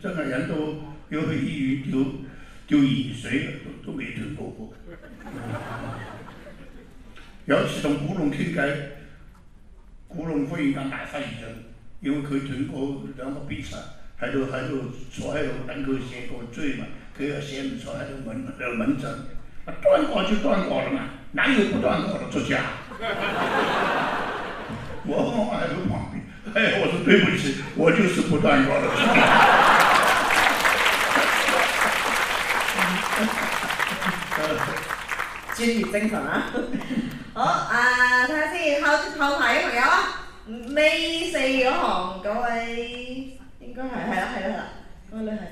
真係飲到要去醫院吊吊鹽水，都都未斷過。有時同古龍傾偈，古龍忽然間大發意淫，因為佢對我兩個必殺喺度喺度坐喺度等佢寫我追文，佢又寫唔坐喺度揾兩蚊真嘅，斷稿就斷稿啦嘛，哪有不斷稿的作家？我係唔怕。哎、我說對不起，我就是不專業的專 業精神啊！好啊，睇下先，後後排嘅朋友啊，尾四嗰行嗰位，應該係係啦係啦係啦，個女孩子。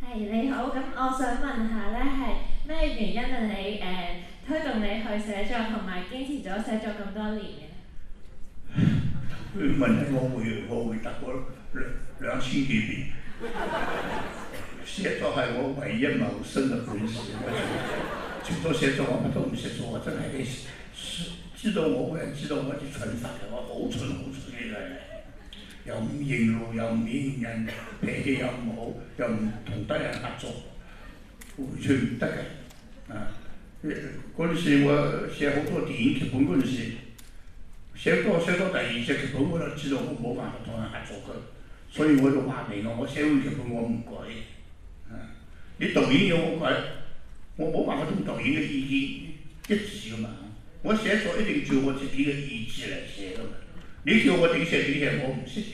係，你好，咁我想問下咧，係咩原因令你誒、呃、推動你去寫作，同埋堅持咗寫作咁多年？問題我回，我回答過兩兩千幾遍。寫作係我唯一謀生嘅本事。最多寫作，我乜都唔識做，我真係知道，我個人知道我啲蠢法，我好蠢好蠢嘅人，又唔認路，又唔認人，脾氣又唔好，又唔同得人合作，完全唔得嘅。嗰陣時我寫好多電影劇本嗰陣時。寫到寫到第二隻劇本，我都知道我冇辦法同人合作嘅，所以我就話你咯，我寫完劇本我唔改，嗯、啊，你導演要我改，我冇辦法同導演嘅意見一致嘅嘛，我寫咗一定照我自己嘅意志嚟寫嘛。你叫我點寫點寫我唔識寫，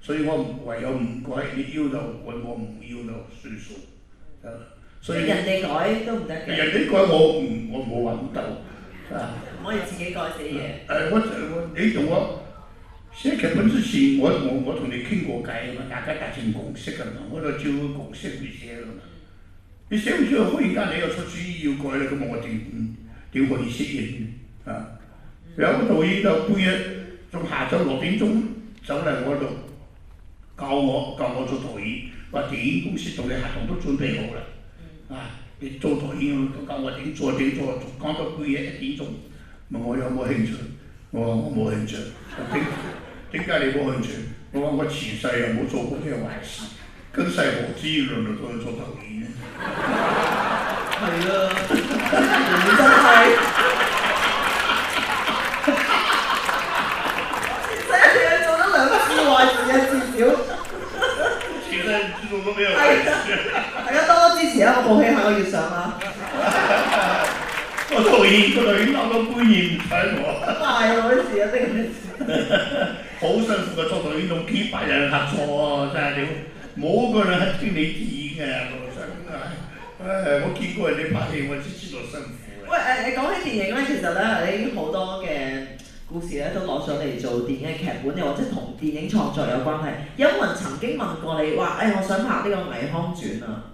所以我唯有唔改，你要就我我唔要就算數。所以人哋改都唔得人哋改我唔我冇咁到。啊，唔可以自己改寫嘢。誒，我我你同我寫劇本之前，我我我同你傾過偈，我，我大家達成共識啊嘛，我就照個共識去寫啦嘛。你寫完之後忽然間你又出主意要改啦。咁我點點、嗯、可以適應？啊，有、嗯、個導演就半夜仲下晝六點鐘走嚟我度教我教我做導演，話電影公司同你合同都準備好啦、嗯，啊！做導演，我教我點做點做，講到半夜一點鐘，問我有冇興趣？我話我冇興趣，點解你冇興趣？我話我前世又冇做過啲壞事，今世我知兩度都要做導演。係啦，真係，成日做都兩百次，一次少，其實做都冇咩壞事。而家我冒氣，下個月 我要上啦！我導演個導演攞個觀念唔睇我，事啊！啲咁嘅好辛苦嘅創作，演同幾百人合作啊！真係你冇一個人係你理演嘅，我想啊！誒，我見過人哋拍戲，我知知道辛苦喂、呃、你講起電影咧，其實咧，你好多嘅故事咧都攞上嚟做電影嘅劇本，又或者同電影創作有關係。有冇人曾經問過你話：誒，我想拍呢個《倪匡傳》啊！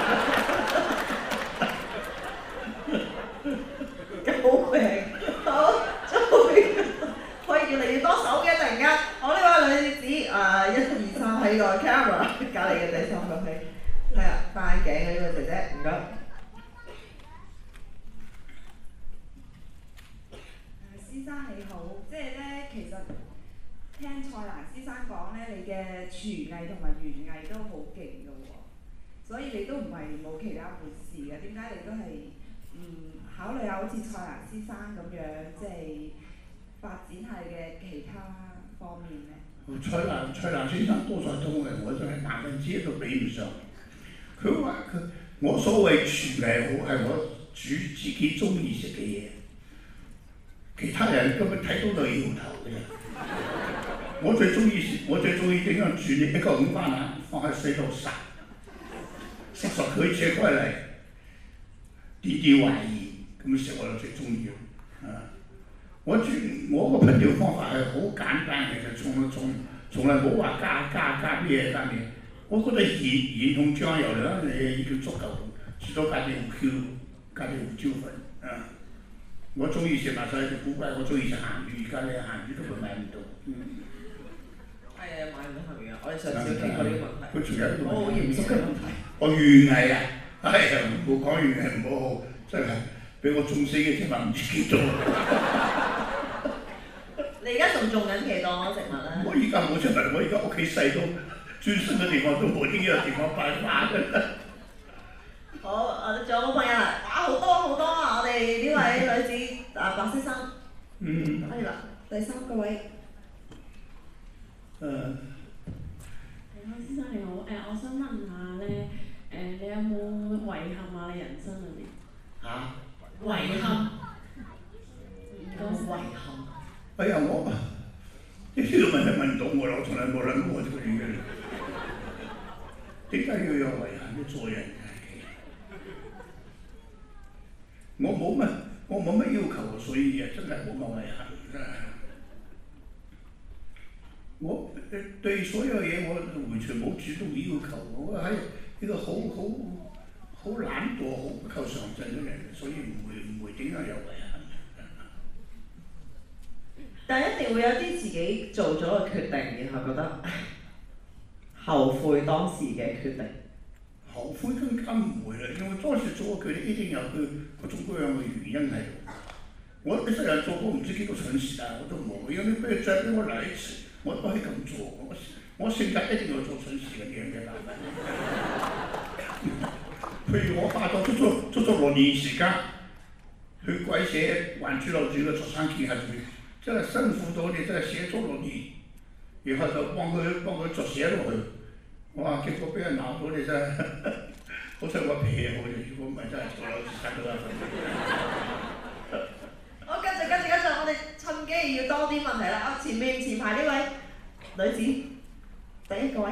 呢個 camera 隔離嘅第三個係咩啊？戴眼鏡嘅呢個姐姐，唔該。先生你好，即係咧，其實聽蔡瀾先生講咧，你嘅廚藝同埋園藝都好勁嘅喎，所以你都唔係冇其他本事嘅，點解你都係唔考慮下好似蔡瀾先生咁樣，即係發展下嘅其他方面咧？蔡瀾，蔡瀾先生多才多藝，我就係百分之一都比唔上。佢話佢，我所謂煮嚟，我係我煮自己中意食嘅嘢，其他人根本睇到就搖頭 我最中意食，我最中意點樣煮咧？一個五花腩放喺水度，煠熟佢，切開嚟，啲啲懷疑咁先係我最中意。的我最我個烹調方法係好簡單，其實從從來冇話加加加啲嘢，我覺得鹽鹽同醬油啦，係已經足夠。再多加啲胡椒，加啲胡椒粉。啊！我中意食麥菜，就估計我中意食鹹魚。而家啲鹹魚都買唔到。係啊，賣唔落嘅。我上次提過呢個問題，我好、哦、啊！哎呀，真俾我種死嘅植物唔知幾多。你而家仲種緊其他植物咧？我依家冇出嚟，我依家屋企細到最深嘅地方都冇呢個地方擺下嘅啦。好，啊仲有個朋友啦，啊好多好多啊！我哋呢位女士啊，白先生，嗯，嚟啦，第三個位，嗯。白先生你好，誒，我想問下咧，誒，你有冇遺憾啊？你人生裏面嚇？遺憾，講遺憾。哎呀，我呢個問題問到我了，我從來冇諗過呢個原因，點解要有遺憾嘅做人？我冇乜，我冇乜要求，所以啊，真係冇咁遺憾。我對所有嘢，我完全冇主動要求，我係一、哎這個好好。好懶惰，好唔夠上進嘅人，所以唔會唔會點解有遺憾？但係一定會有啲自己做咗嘅決定，然後覺得後悔當時嘅決定。後悔更加唔會啦，因為當時做嘅決定一定有個各種各樣嘅原因喺度。我一日做好唔知幾個蠢事啊，我都冇，因為你不如再俾我嚟一次，我都係咁做。我我性格一定要做蠢事嘅嘢嘅。譬如我花咗足足足足六年時間去鬼寫還珠樓主嘅出生記下住，真係辛苦到你真係寫咗六年，然後就幫佢幫佢作寫落去。哇！結果俾人鬧到你真係，好彩我皮好嘅，如果唔係真係坐到出聲㗎啦。 好，跟住跟住跟住，我哋趁機要多啲問題啦。啊，前面前排呢位，女子，第一個位。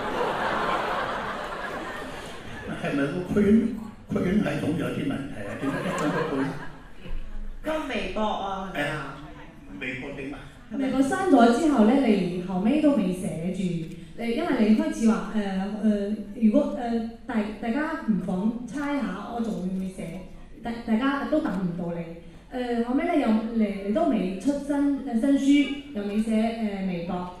係咪個圈，圈係總有啲問題啊！咁多圈，個微博啊，係啊，微博點啊？微博刪咗之後咧，你後尾都未寫住，你，因為你開始話誒誒，如果誒大大家唔講猜下，我仲會唔會寫？大大家都等唔到你。誒後尾咧又嚟，你都未出新誒新書，又未寫誒微博。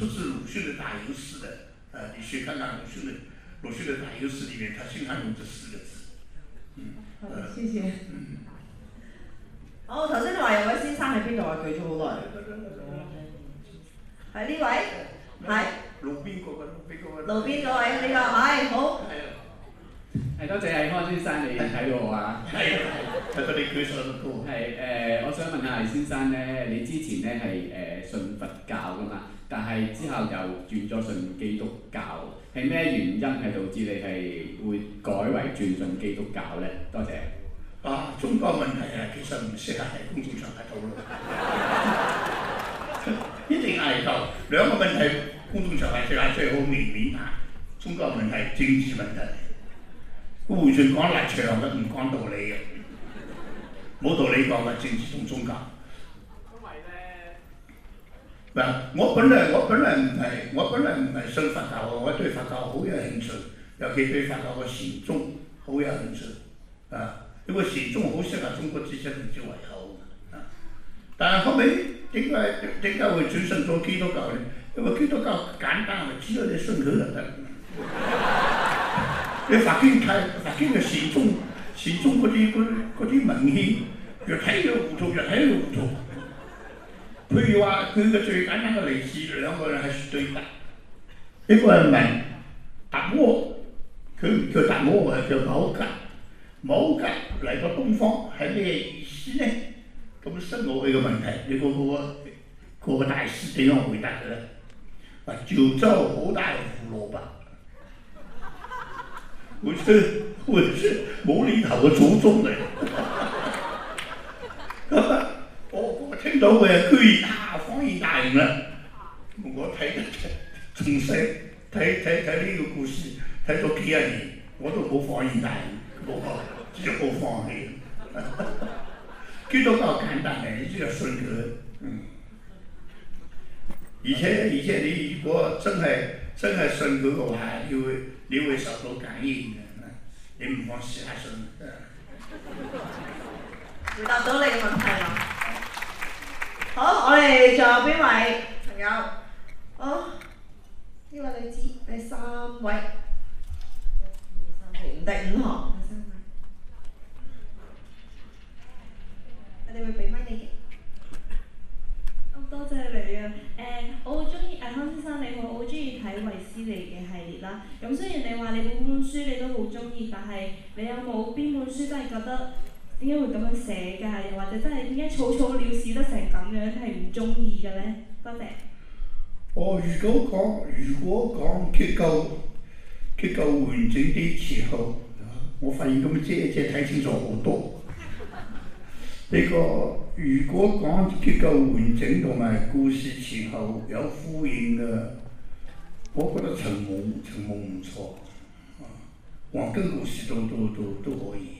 出自魯迅的打油詩的，呃，你去看看魯迅的魯迅的打油詩裏面，他經常用這四個字。嗯，呃、哎，好，謝、嗯、謝。好、哦，頭先你話有位先生喺邊度啊？佢坐咗好耐，係、嗯、呢位，係路邊、那個，路邊、那個，路邊個係呢個，係、那個那個這個哎、好，係多謝阿康先生你睇我啊，係係誒，我想問下阿先生咧，你之前咧係誒信佛教噶嘛？好 好 但係之後又轉咗信基督教，係咩原因係導致你係會改為轉信基督教呢？多謝。啊，中國問題其實唔適合喺公眾場合討論咯， 一定係就兩個問題。如果我問係公眾場合係最最最好避免談，中國問題，政治問題，完全講立場嘅，唔講道理嘅，冇道理講埋政治同宗教。嗱，我本嚟我本嚟唔係我本嚟唔係信佛教嘅，我對佛教好有興趣，尤其對佛教個禪宗好有興趣。啊，因為禪宗好適合中國知識分子胃口。啊，但係後尾點解點解會轉信咗基督教呢？因為基督教簡單，只要你信佢就得。你佛經太佛經嘅禪宗，禪宗嗰啲文獻，越睇越糊塗，越睇越糊塗。譬如話，佢嘅最簡單嘅例子，兩個人係對白，一個，Drama, 個人問達摩，佢唔叫達摩，係叫冇格，冇格嚟到東方係咩意思咧？咁室外嘅問題，你個啊？個個大師點樣回答佢咧？啊，就咗好大嘅胡蘿蔔，或者或者冇厘頭嘅祖宗嚟。」哈哈到嘅居然放棄大贏啦！我睇得從細睇睇睇呢個故事睇咗幾十年，我都冇放棄大贏，我就不冇放棄。呢個簡單嘅，你只要信佢。以、嗯、而且而且你如果真係真係信佢嘅話，你會你會受到感應嘅，你唔放心硬信。嗯、答到你嘅問題。好，我哋仲有邊位朋友？哦，呢位女士，第三位，第五號。我哋會俾返你。好多謝你啊！誒，我好中意倪匡先生，你好，我好中意睇衛斯理嘅系列啦。咁雖然你話你本本書你都好中意，但係你有冇邊本書都係覺得？點解會咁樣寫㗎？又或者真係點解草草了事得成咁樣？係唔中意嘅咧？唔明。哦，如果講如果講結構結構完整啲時候，我發現咁樣即即睇清楚好多。呢 個如果講結構完整同埋故事前後有呼應嘅，我覺得陳夢陳夢唔錯，啊黃金故事都都都都可以。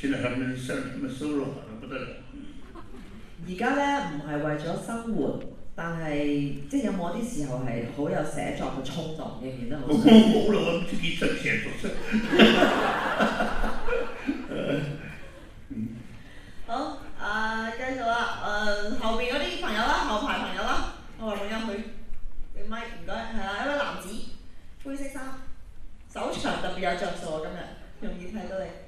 算係咁樣生咁嘅收入，係咪不得了？而家咧，唔係為咗生活，但係即係有冇啲時候係好有寫作嘅衝動嘅？然之後好。好啦，我唔知幾失誠，做聲。好，啊，繼續啦，啊，後邊嗰啲朋友啦，後排朋友啦，我話朋友佢，你咪唔該，係啦，一位男子，灰色衫，手長特別有着數啊，今日容易睇到你。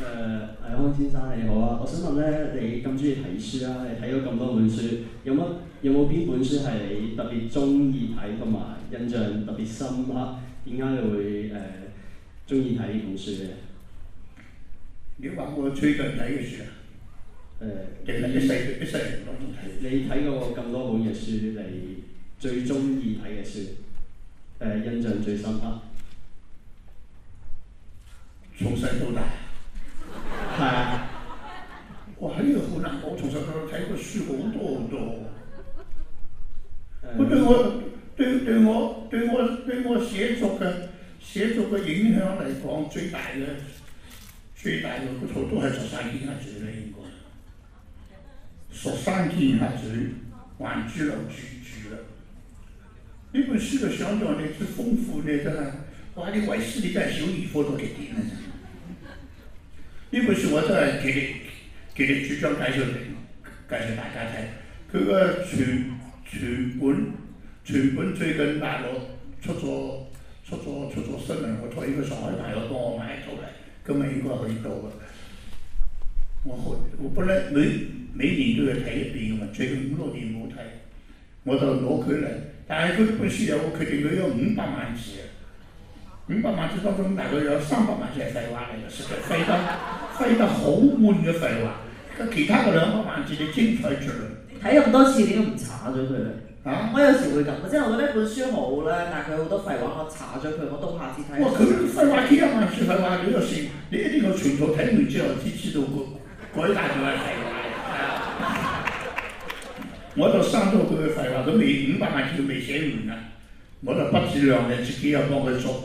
誒、呃，阿康先生你好啊！我想問咧，你咁中意睇書啦，你睇咗咁多本書，有乜有冇邊本書係你特別中意睇同埋印象特別深刻點解你會誒中意睇呢本書嘅？如果話我最近睇嘅書啊，誒，一世一世人都唔睇。你睇過咁多本嘅書你最中意睇嘅書，誒、呃，印象最深刻，從細到大。係、啊，哇！呢度好難，我從細喺度睇過書好多好多。佢、嗯、對我對我對，對我對我寫作嘅寫作嘅影響嚟講，最大嘅最大嘅都都係《十三劍客》最應該。《十三劍客》就還珠樓主住啦。呢本書嘅想象咧，之豐富咧，真係哇！你為師你都係小兒科一點。呢本書我都係極力、極力主張介紹畀大家睇。佢個傳傳本傳本最近大陸出咗出咗出咗新聞，我託一個上海朋友幫我買咗嚟，咁啊應該可以到嘅。我我本來每，每年都要睇一遍嘅嘛，最近五六年冇睇，我就攞佢嚟。但係嗰本書啊，我決定我有五百萬字五百萬字當中，大概有三百萬字係廢話嚟，實在廢得，廢 得好悶嘅廢話。佢其他嘅兩百萬字嘅精彩出嚟。睇咁多次點都唔查咗佢咧嚇？我有時會咁，即係我覺得本書好啦，但係佢好多廢話，我查咗佢，我都下次睇。哇！廢話幾廿萬字廢話幾多事？你一定要全部睇完之後先知道佢改大咗係廢話。我就刪咗佢嘅廢話，咁你五百萬字都未寫完啊！我就不自量力，自己又幫佢作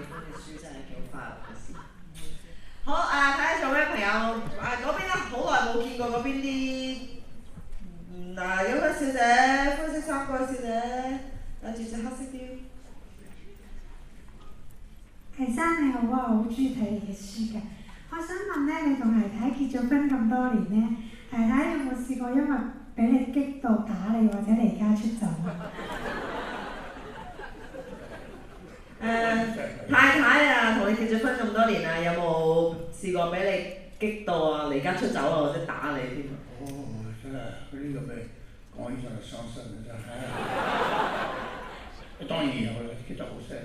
好啊！睇下做咩朋友啊？嗰邊咧，好耐冇見過嗰邊啲嗱，有、啊、有個小姐，灰色衫嗰小姐，戴住對黑色啲。倪生，我你我話好中意睇你嘅書㗎，我想問咧，你同太太結咗婚咁多年咧，太太有冇試過因為俾你激到打你或者離家出走啊？ 呃嗯、太太啊，同你結咗婚咁多年啦、啊，有冇試過俾你激到啊，離家出走啊，或者打你添？哦，真係嗰啲咁嘅講起就傷身 啊！當然有啦，幾好犀利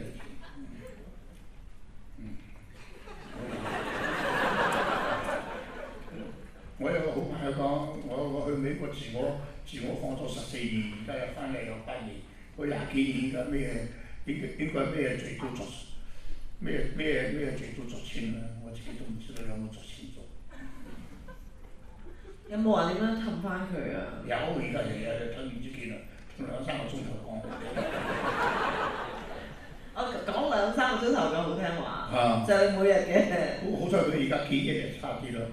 嗯， 我有個好朋友講，我我去美國自我自我放咗十四年，而家又翻嚟又八年，嗰廿幾年嘅咩？呢個呢咩最多作咩咩咩最多作錢啦？我自己都唔知道有冇作錢做。有冇話點樣氹返佢啊？有，而家日日日氹唔知幾耐，氹兩三個鐘頭講。我講 兩三個鐘頭嘅好聽話，啊、就係、是、每日嘅。好好彩佢而家記憶力差啲咯。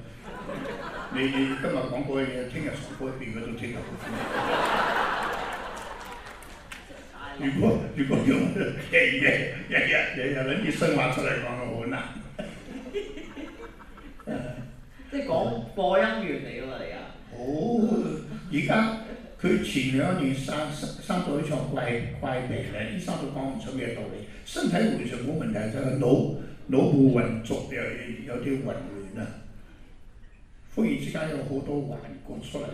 你今日講過嘅嘢，聽日再背，佢都記得。如果如果用日日日日日日人一生話出嚟講好難，即係講播音員嚟噶嘛你啊？哦，而家佢前兩年生生咗一場怪怪病咧，醫生都講唔出咩道理。身體完全冇問題，就係腦腦部運作，有有啲混亂啊，忽然之間有好多幻覺出嚟，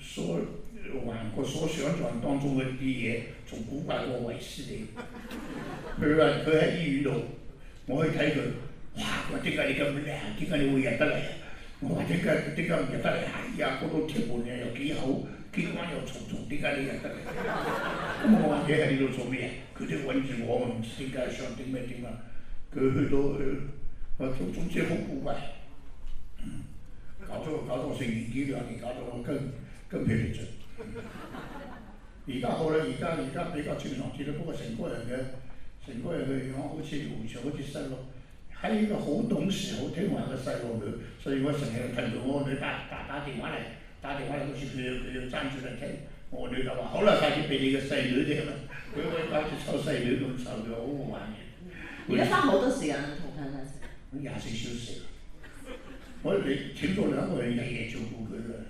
所以。我所想像當中嘅啲嘢，仲古怪過維斯你，佢話佢喺醫院度，我去睇佢，哇！我點解你咁叻，點解你會入得嚟啊！ 我話點解？點解唔入得嚟，哎呀，嗰個鐵門又幾好，機關又重重，點解你入得嚟？咁我話你喺呢度做咩？佢就揾住我，唔知佢想啲咩啲嘛？佢去到，我做總之好古怪，搞到搞到成年幾兩年，搞到我跟跟。皮而 家好啦，而家而家比較正常啲啦。不過成個人嘅成個人嘅樣好似完全好似失咯。係一個好懂事、好聽話嘅細路女，所以我成日聽到我，我女打打打電話嚟，打電話，嚟都叫佢要佢要爭住嚟聽。我女就話好啦，快啲俾你個細女聽啦。佢可以搞到湊細女咁瘦咗，好就個玩嘢。而家翻好多時間我同佢廿四小時。我哋請過兩個人廿四小時，我佢。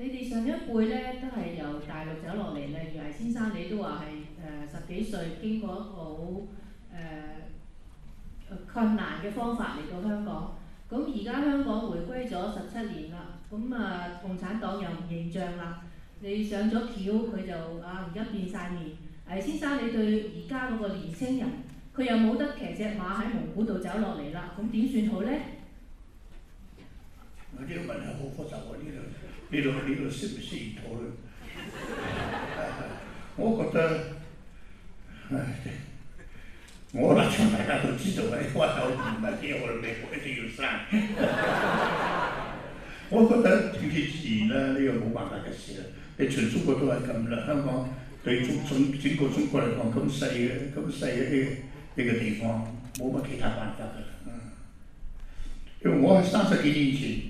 你哋上一輩咧都係由大陸走落嚟。例如倪先生你都話係誒十幾歲經過一個好誒困難嘅方法嚟到香港。咁而家香港回歸咗十七年啦，咁啊共產黨又唔認賬啦。你上咗橋佢就啊而家變晒面。倪先生你對而家嗰個年輕人，佢又冇得騎隻馬喺蒙古度走落嚟啦，咁點算好咧？我呢個問題好複雜喎，呢度。呢度呢度適唔適宜討論？悉悉 我覺得，唉，我覺得大家都知道啦，我有啲唔係啲，我哋命一定要生。 我覺得隨其自然啦、啊，呢、這個冇辦法嘅事啦、啊。你全中國都係咁啦，香港對中整整個中國嚟講咁細嘅，咁細嘅呢個地方，冇乜其他辦法嘅、啊。嗯，因為我係三十幾年前。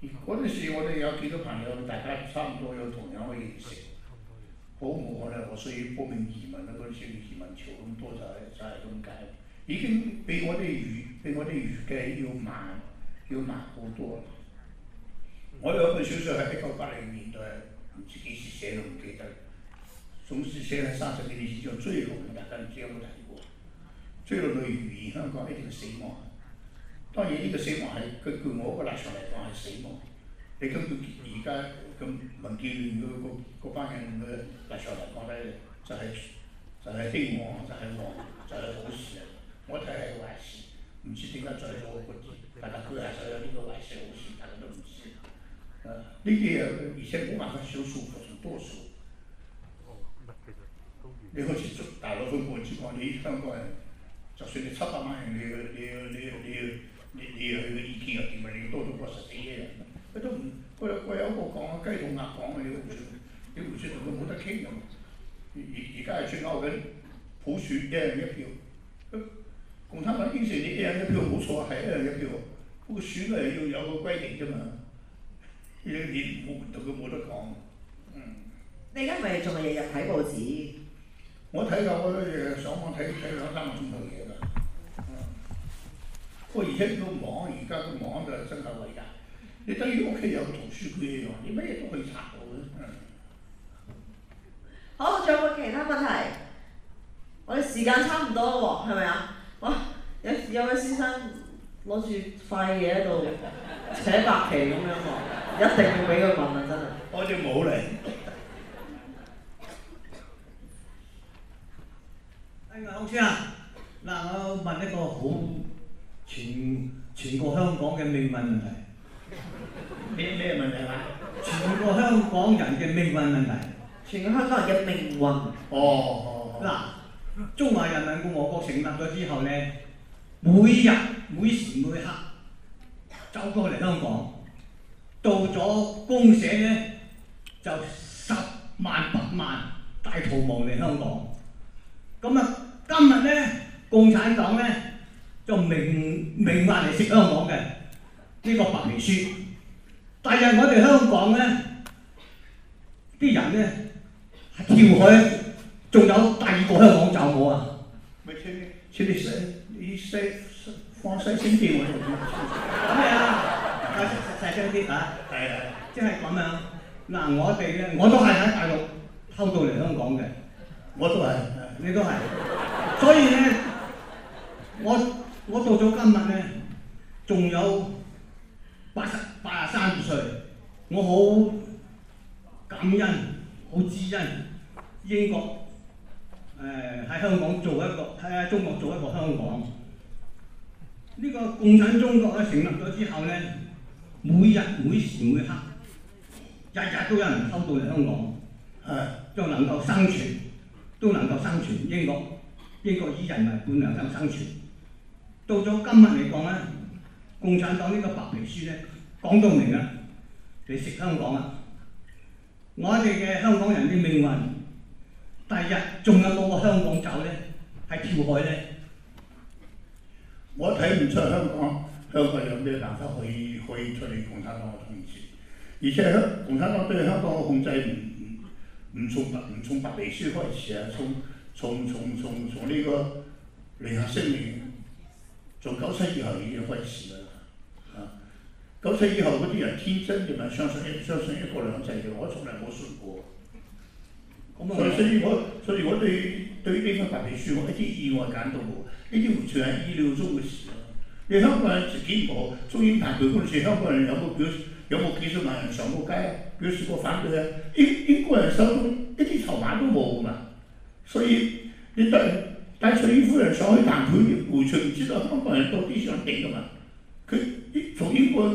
嗰陣時我哋有幾多朋友，大家差唔多有同樣嘅嘢識。好唔咧？我所以幫問移民，嗰陣時移民潮咁多就係就係咁解。已經比我哋預比我哋預計要慢，要慢好多。我有一本小說喺一九八零年代唔知幾時寫，寫唔記得，總之寫咗三十幾年叫追龍。大家唔知有冇睇過追龍裏面香港一定死亡。當然呢個死亡係佢據我個立場嚟講係死亡，你根據而家咁民建聯個個個班人個立場嚟講咧，就係就係希望，就係、是、望，就係好事。我睇係壞事，唔知點解在做嗰啲，但係佢係想呢個壞事好事，大家都唔知。誒、啊，呢啲而家冇辦法，少數服從多數，你好似大陸分佈情況，你香港就算你七百萬人，你你你你。你你去個意見又點啊？你多咗個十幾億人，佢都唔佢佢有一個講啊，雞同鴨講嘅，你唔出你唔出同佢冇得傾嘅嘛。而而家係出鳩緊普選一人一票，共產黨以前你一人一票好錯啊，係一人一票，不過選係要有個規定啫嘛。呢啲你唔好，唔同佢冇得講。嗯，你而家係咪仲係日日睇報紙？我睇嘅，我日日上網睇睇兩三個鐘頭嘅嘢。不過而家個網，而家個網就真係偉大啊！你等於屋企有個圖書館一樣，你咩嘢都可以查到嘅。嗯。好，仲有冇其他問題？我哋時間差唔多咯喎，係咪啊？哇！有有位先生攞住塊嘢喺度寫白旗咁樣喎，一定要俾佢問啊！真係。攞支毛嚟。聽唔聽得清啊？嗱，我問一個好。全全個香港嘅命運問題，咩 咩問題嘛？全個香港人嘅命運問題，全香港人嘅命運。哦哦，嗱，中華人民共和國成立咗之後呢，每日每時每刻走過嚟香港，到咗公社呢，就十萬百萬大逃亡嚟香港。咁啊，今日呢，共產黨呢。就明明話嚟食香港嘅呢個白皮書，但係我哋香港咧啲人咧跳海，仲有第二個香港走冇啊？咪黐啲，黐啲西，啲西放水先叫我做咩啊？啊，細聲啲嚇，係係，即係咁樣嗱，我哋咧我都係喺大陸偷渡嚟香港嘅，我都係，你都係，所以咧我。我到咗今日咧，仲有八十八啊三歲，我好感恩，好知恩。英國誒喺、呃、香港做一個喺中國做一個香港，呢、這個共產中國咧成立咗之後咧，每日每時每刻日日都有人偷渡嚟香港、呃，都能夠生存，都能夠生存。英國英國以人民本能生生存。到咗今日嚟講咧，共產黨呢個白皮書咧講到明啦，你食香港啦，我哋嘅香港人嘅命運，第日仲有冇個香港走咧？係跳海咧？我睇唔出香港，香港有咩辦法可以可以出嚟？共產黨嘅統治，而且共產黨對香港嘅控制唔唔從唔從白皮書開始啊，從從從從從呢個聯合聲明。從九七以後已經開始了。啊！九七以後，嗰啲人天真嘅嘛，相信一相信一國兩制嘅，我從來冇信過。咁所以我所以我對於對於呢個白皮書，我一啲意外感都冇，一啲會出現意料中嘅事啊！你香港人自己個中央辦表，可能香港人有冇表示有冇幾多人上過街，表示過反對啊？英英國人手中一啲籌碼都冇嘛，所以你對。但係徐夫人想去談判，完全唔知道香港人到底想點噶嘛，佢從英國嘅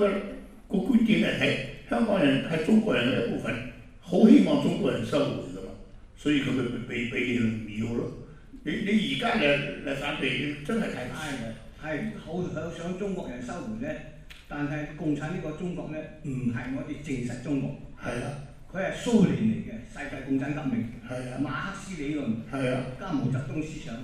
個觀點嚟睇，香港人係中國人嘅一部分，好希望中國人收回噶嘛？所以佢咪佢俾俾秒咯。你你而家嘅嚟反對真係係係嘅，係好想想中國人收回咧。但係共產呢個中國咧，唔係我哋正實中國，係啊，佢係蘇聯嚟嘅、啊，世界共產革命，係啊，馬克思理論，係啊，加毛澤東思想。是啊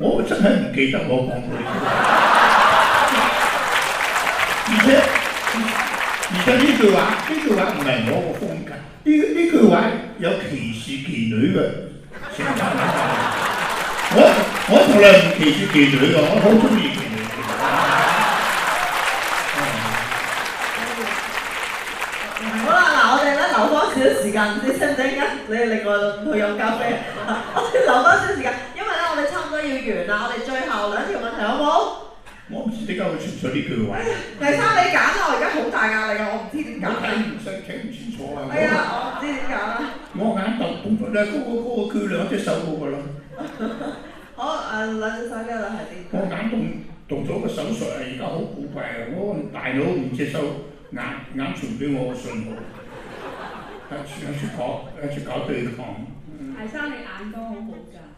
我真係唔記得我講過呢句話，而且，而且呢句話，呢句話唔係我嘅風格，呢句話有歧視妓女嘅，我我從來唔歧視妓女嘅，我好中意妓女嘅。好啦，嗱，我哋，留多少時間，唔知聽唔聽得，你另外去飲咖啡，留多少時間。完啦！我哋最後兩條問題好冇？我唔知點解會出咗呢句話。黎生你揀啦，我而家好大壓力㗎，我唔知點揀。聽唔清唔清楚啦。係啊，我唔知點揀啦。我眼度半分咧，嗰個嗰個佢兩隻手到㗎啦。好，誒兩隻手交嚟啲。我眼做做咗個手術係而家好古怪，我大腦唔接收眼眼傳俾我嘅信號，要要搞要搞對抗。黎生你眼光好好㗎。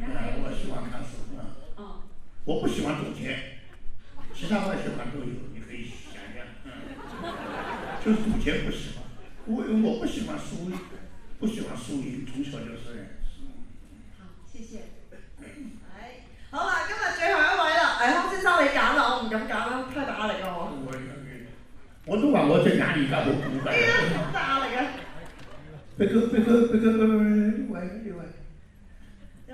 嗯，我喜歡看書。嗯，我不喜歡賭錢，其他我喜歡都有，你可以想想。嗯，就是賭錢不喜歡，我因為我不喜歡輸，不喜歡輸贏，從小就是、嗯。好，謝謝。來、哎，好啦，今日最後一位啦，哎，康先生你揀啦，我唔敢揀啦、 哎，太大壓力啦我。我唔我都話我隻眼而家好古仔啊。呢啲都渣嚟嘅。個這個這個俾俾啲位啲位。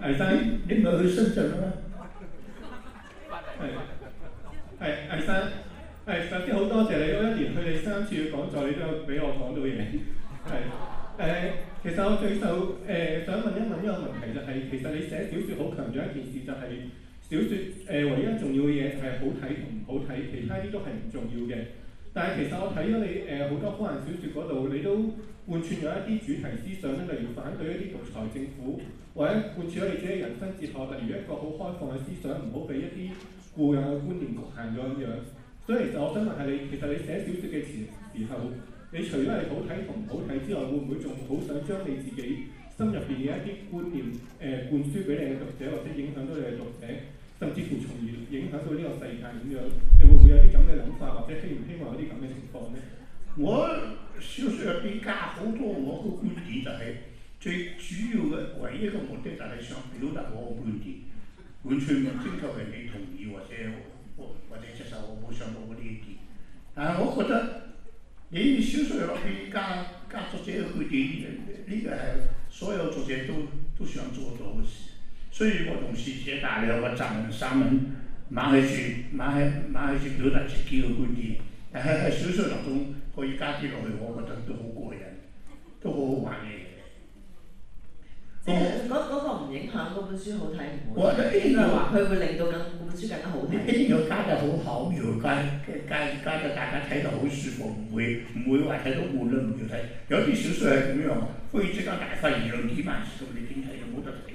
阿、哎、生、哎，你唔係去深圳啦？係，係倪生係，首先好多謝你，嗰一年去你三次嘅講座，你都有俾我講到嘢。係 誒、哎哎，其實我最受誒、呃、想問一問一個問題，就是，就係其實你寫小説好強調一件事，就是，就係小説誒、呃、唯一重要嘅嘢就係好睇同唔好睇，其他啲都係唔重要嘅。但係其實我睇咗你誒好多科幻小説嗰度，你都貫穿咗一啲主題思想，咧例如反對一啲獨裁政府，或者貫穿咗你自己人生哲學，例如一個好開放嘅思想，唔好俾一啲固有嘅觀念侷限咗咁樣。所以其實我想問下你，其實你寫小説嘅時時候，你除咗係好睇同唔好睇之外，會唔會仲好想將你自己心入邊嘅一啲觀念誒灌輸俾你嘅讀者或者影響到你嘅讀者？甚至乎從而影響到呢個世界點樣？你會唔會有啲咁嘅諗法，或者希唔希望有啲咁嘅情況咧？我小說入邊加好多我個觀點，就係最主要嘅唯一嘅目的，就係想表達我個觀點，完全唔徵求人哋同意或者或者接受，我唔想多講呢一點。但係我覺得你小說入邊加加作者嘅觀點，呢、這個係所有作者都都想做到嘅事。所以我同時寫大量嘅雜文散文，猛喺度猛喺猛喺度表達自己嘅觀點，但係喺小說當中可以加啲落去，我覺得都好過癮，都好好玩嘅。即係嗰嗰個唔影響嗰本書好睇唔好睇。邊度話佢會令到咁本書更加好睇？呢樣加就好，嗰樣加加加就大家睇得好舒服，唔會唔會話睇到悶啦唔要睇。有啲小說係咁樣，忽然之間大發議論幾萬字，你點睇都冇得睇。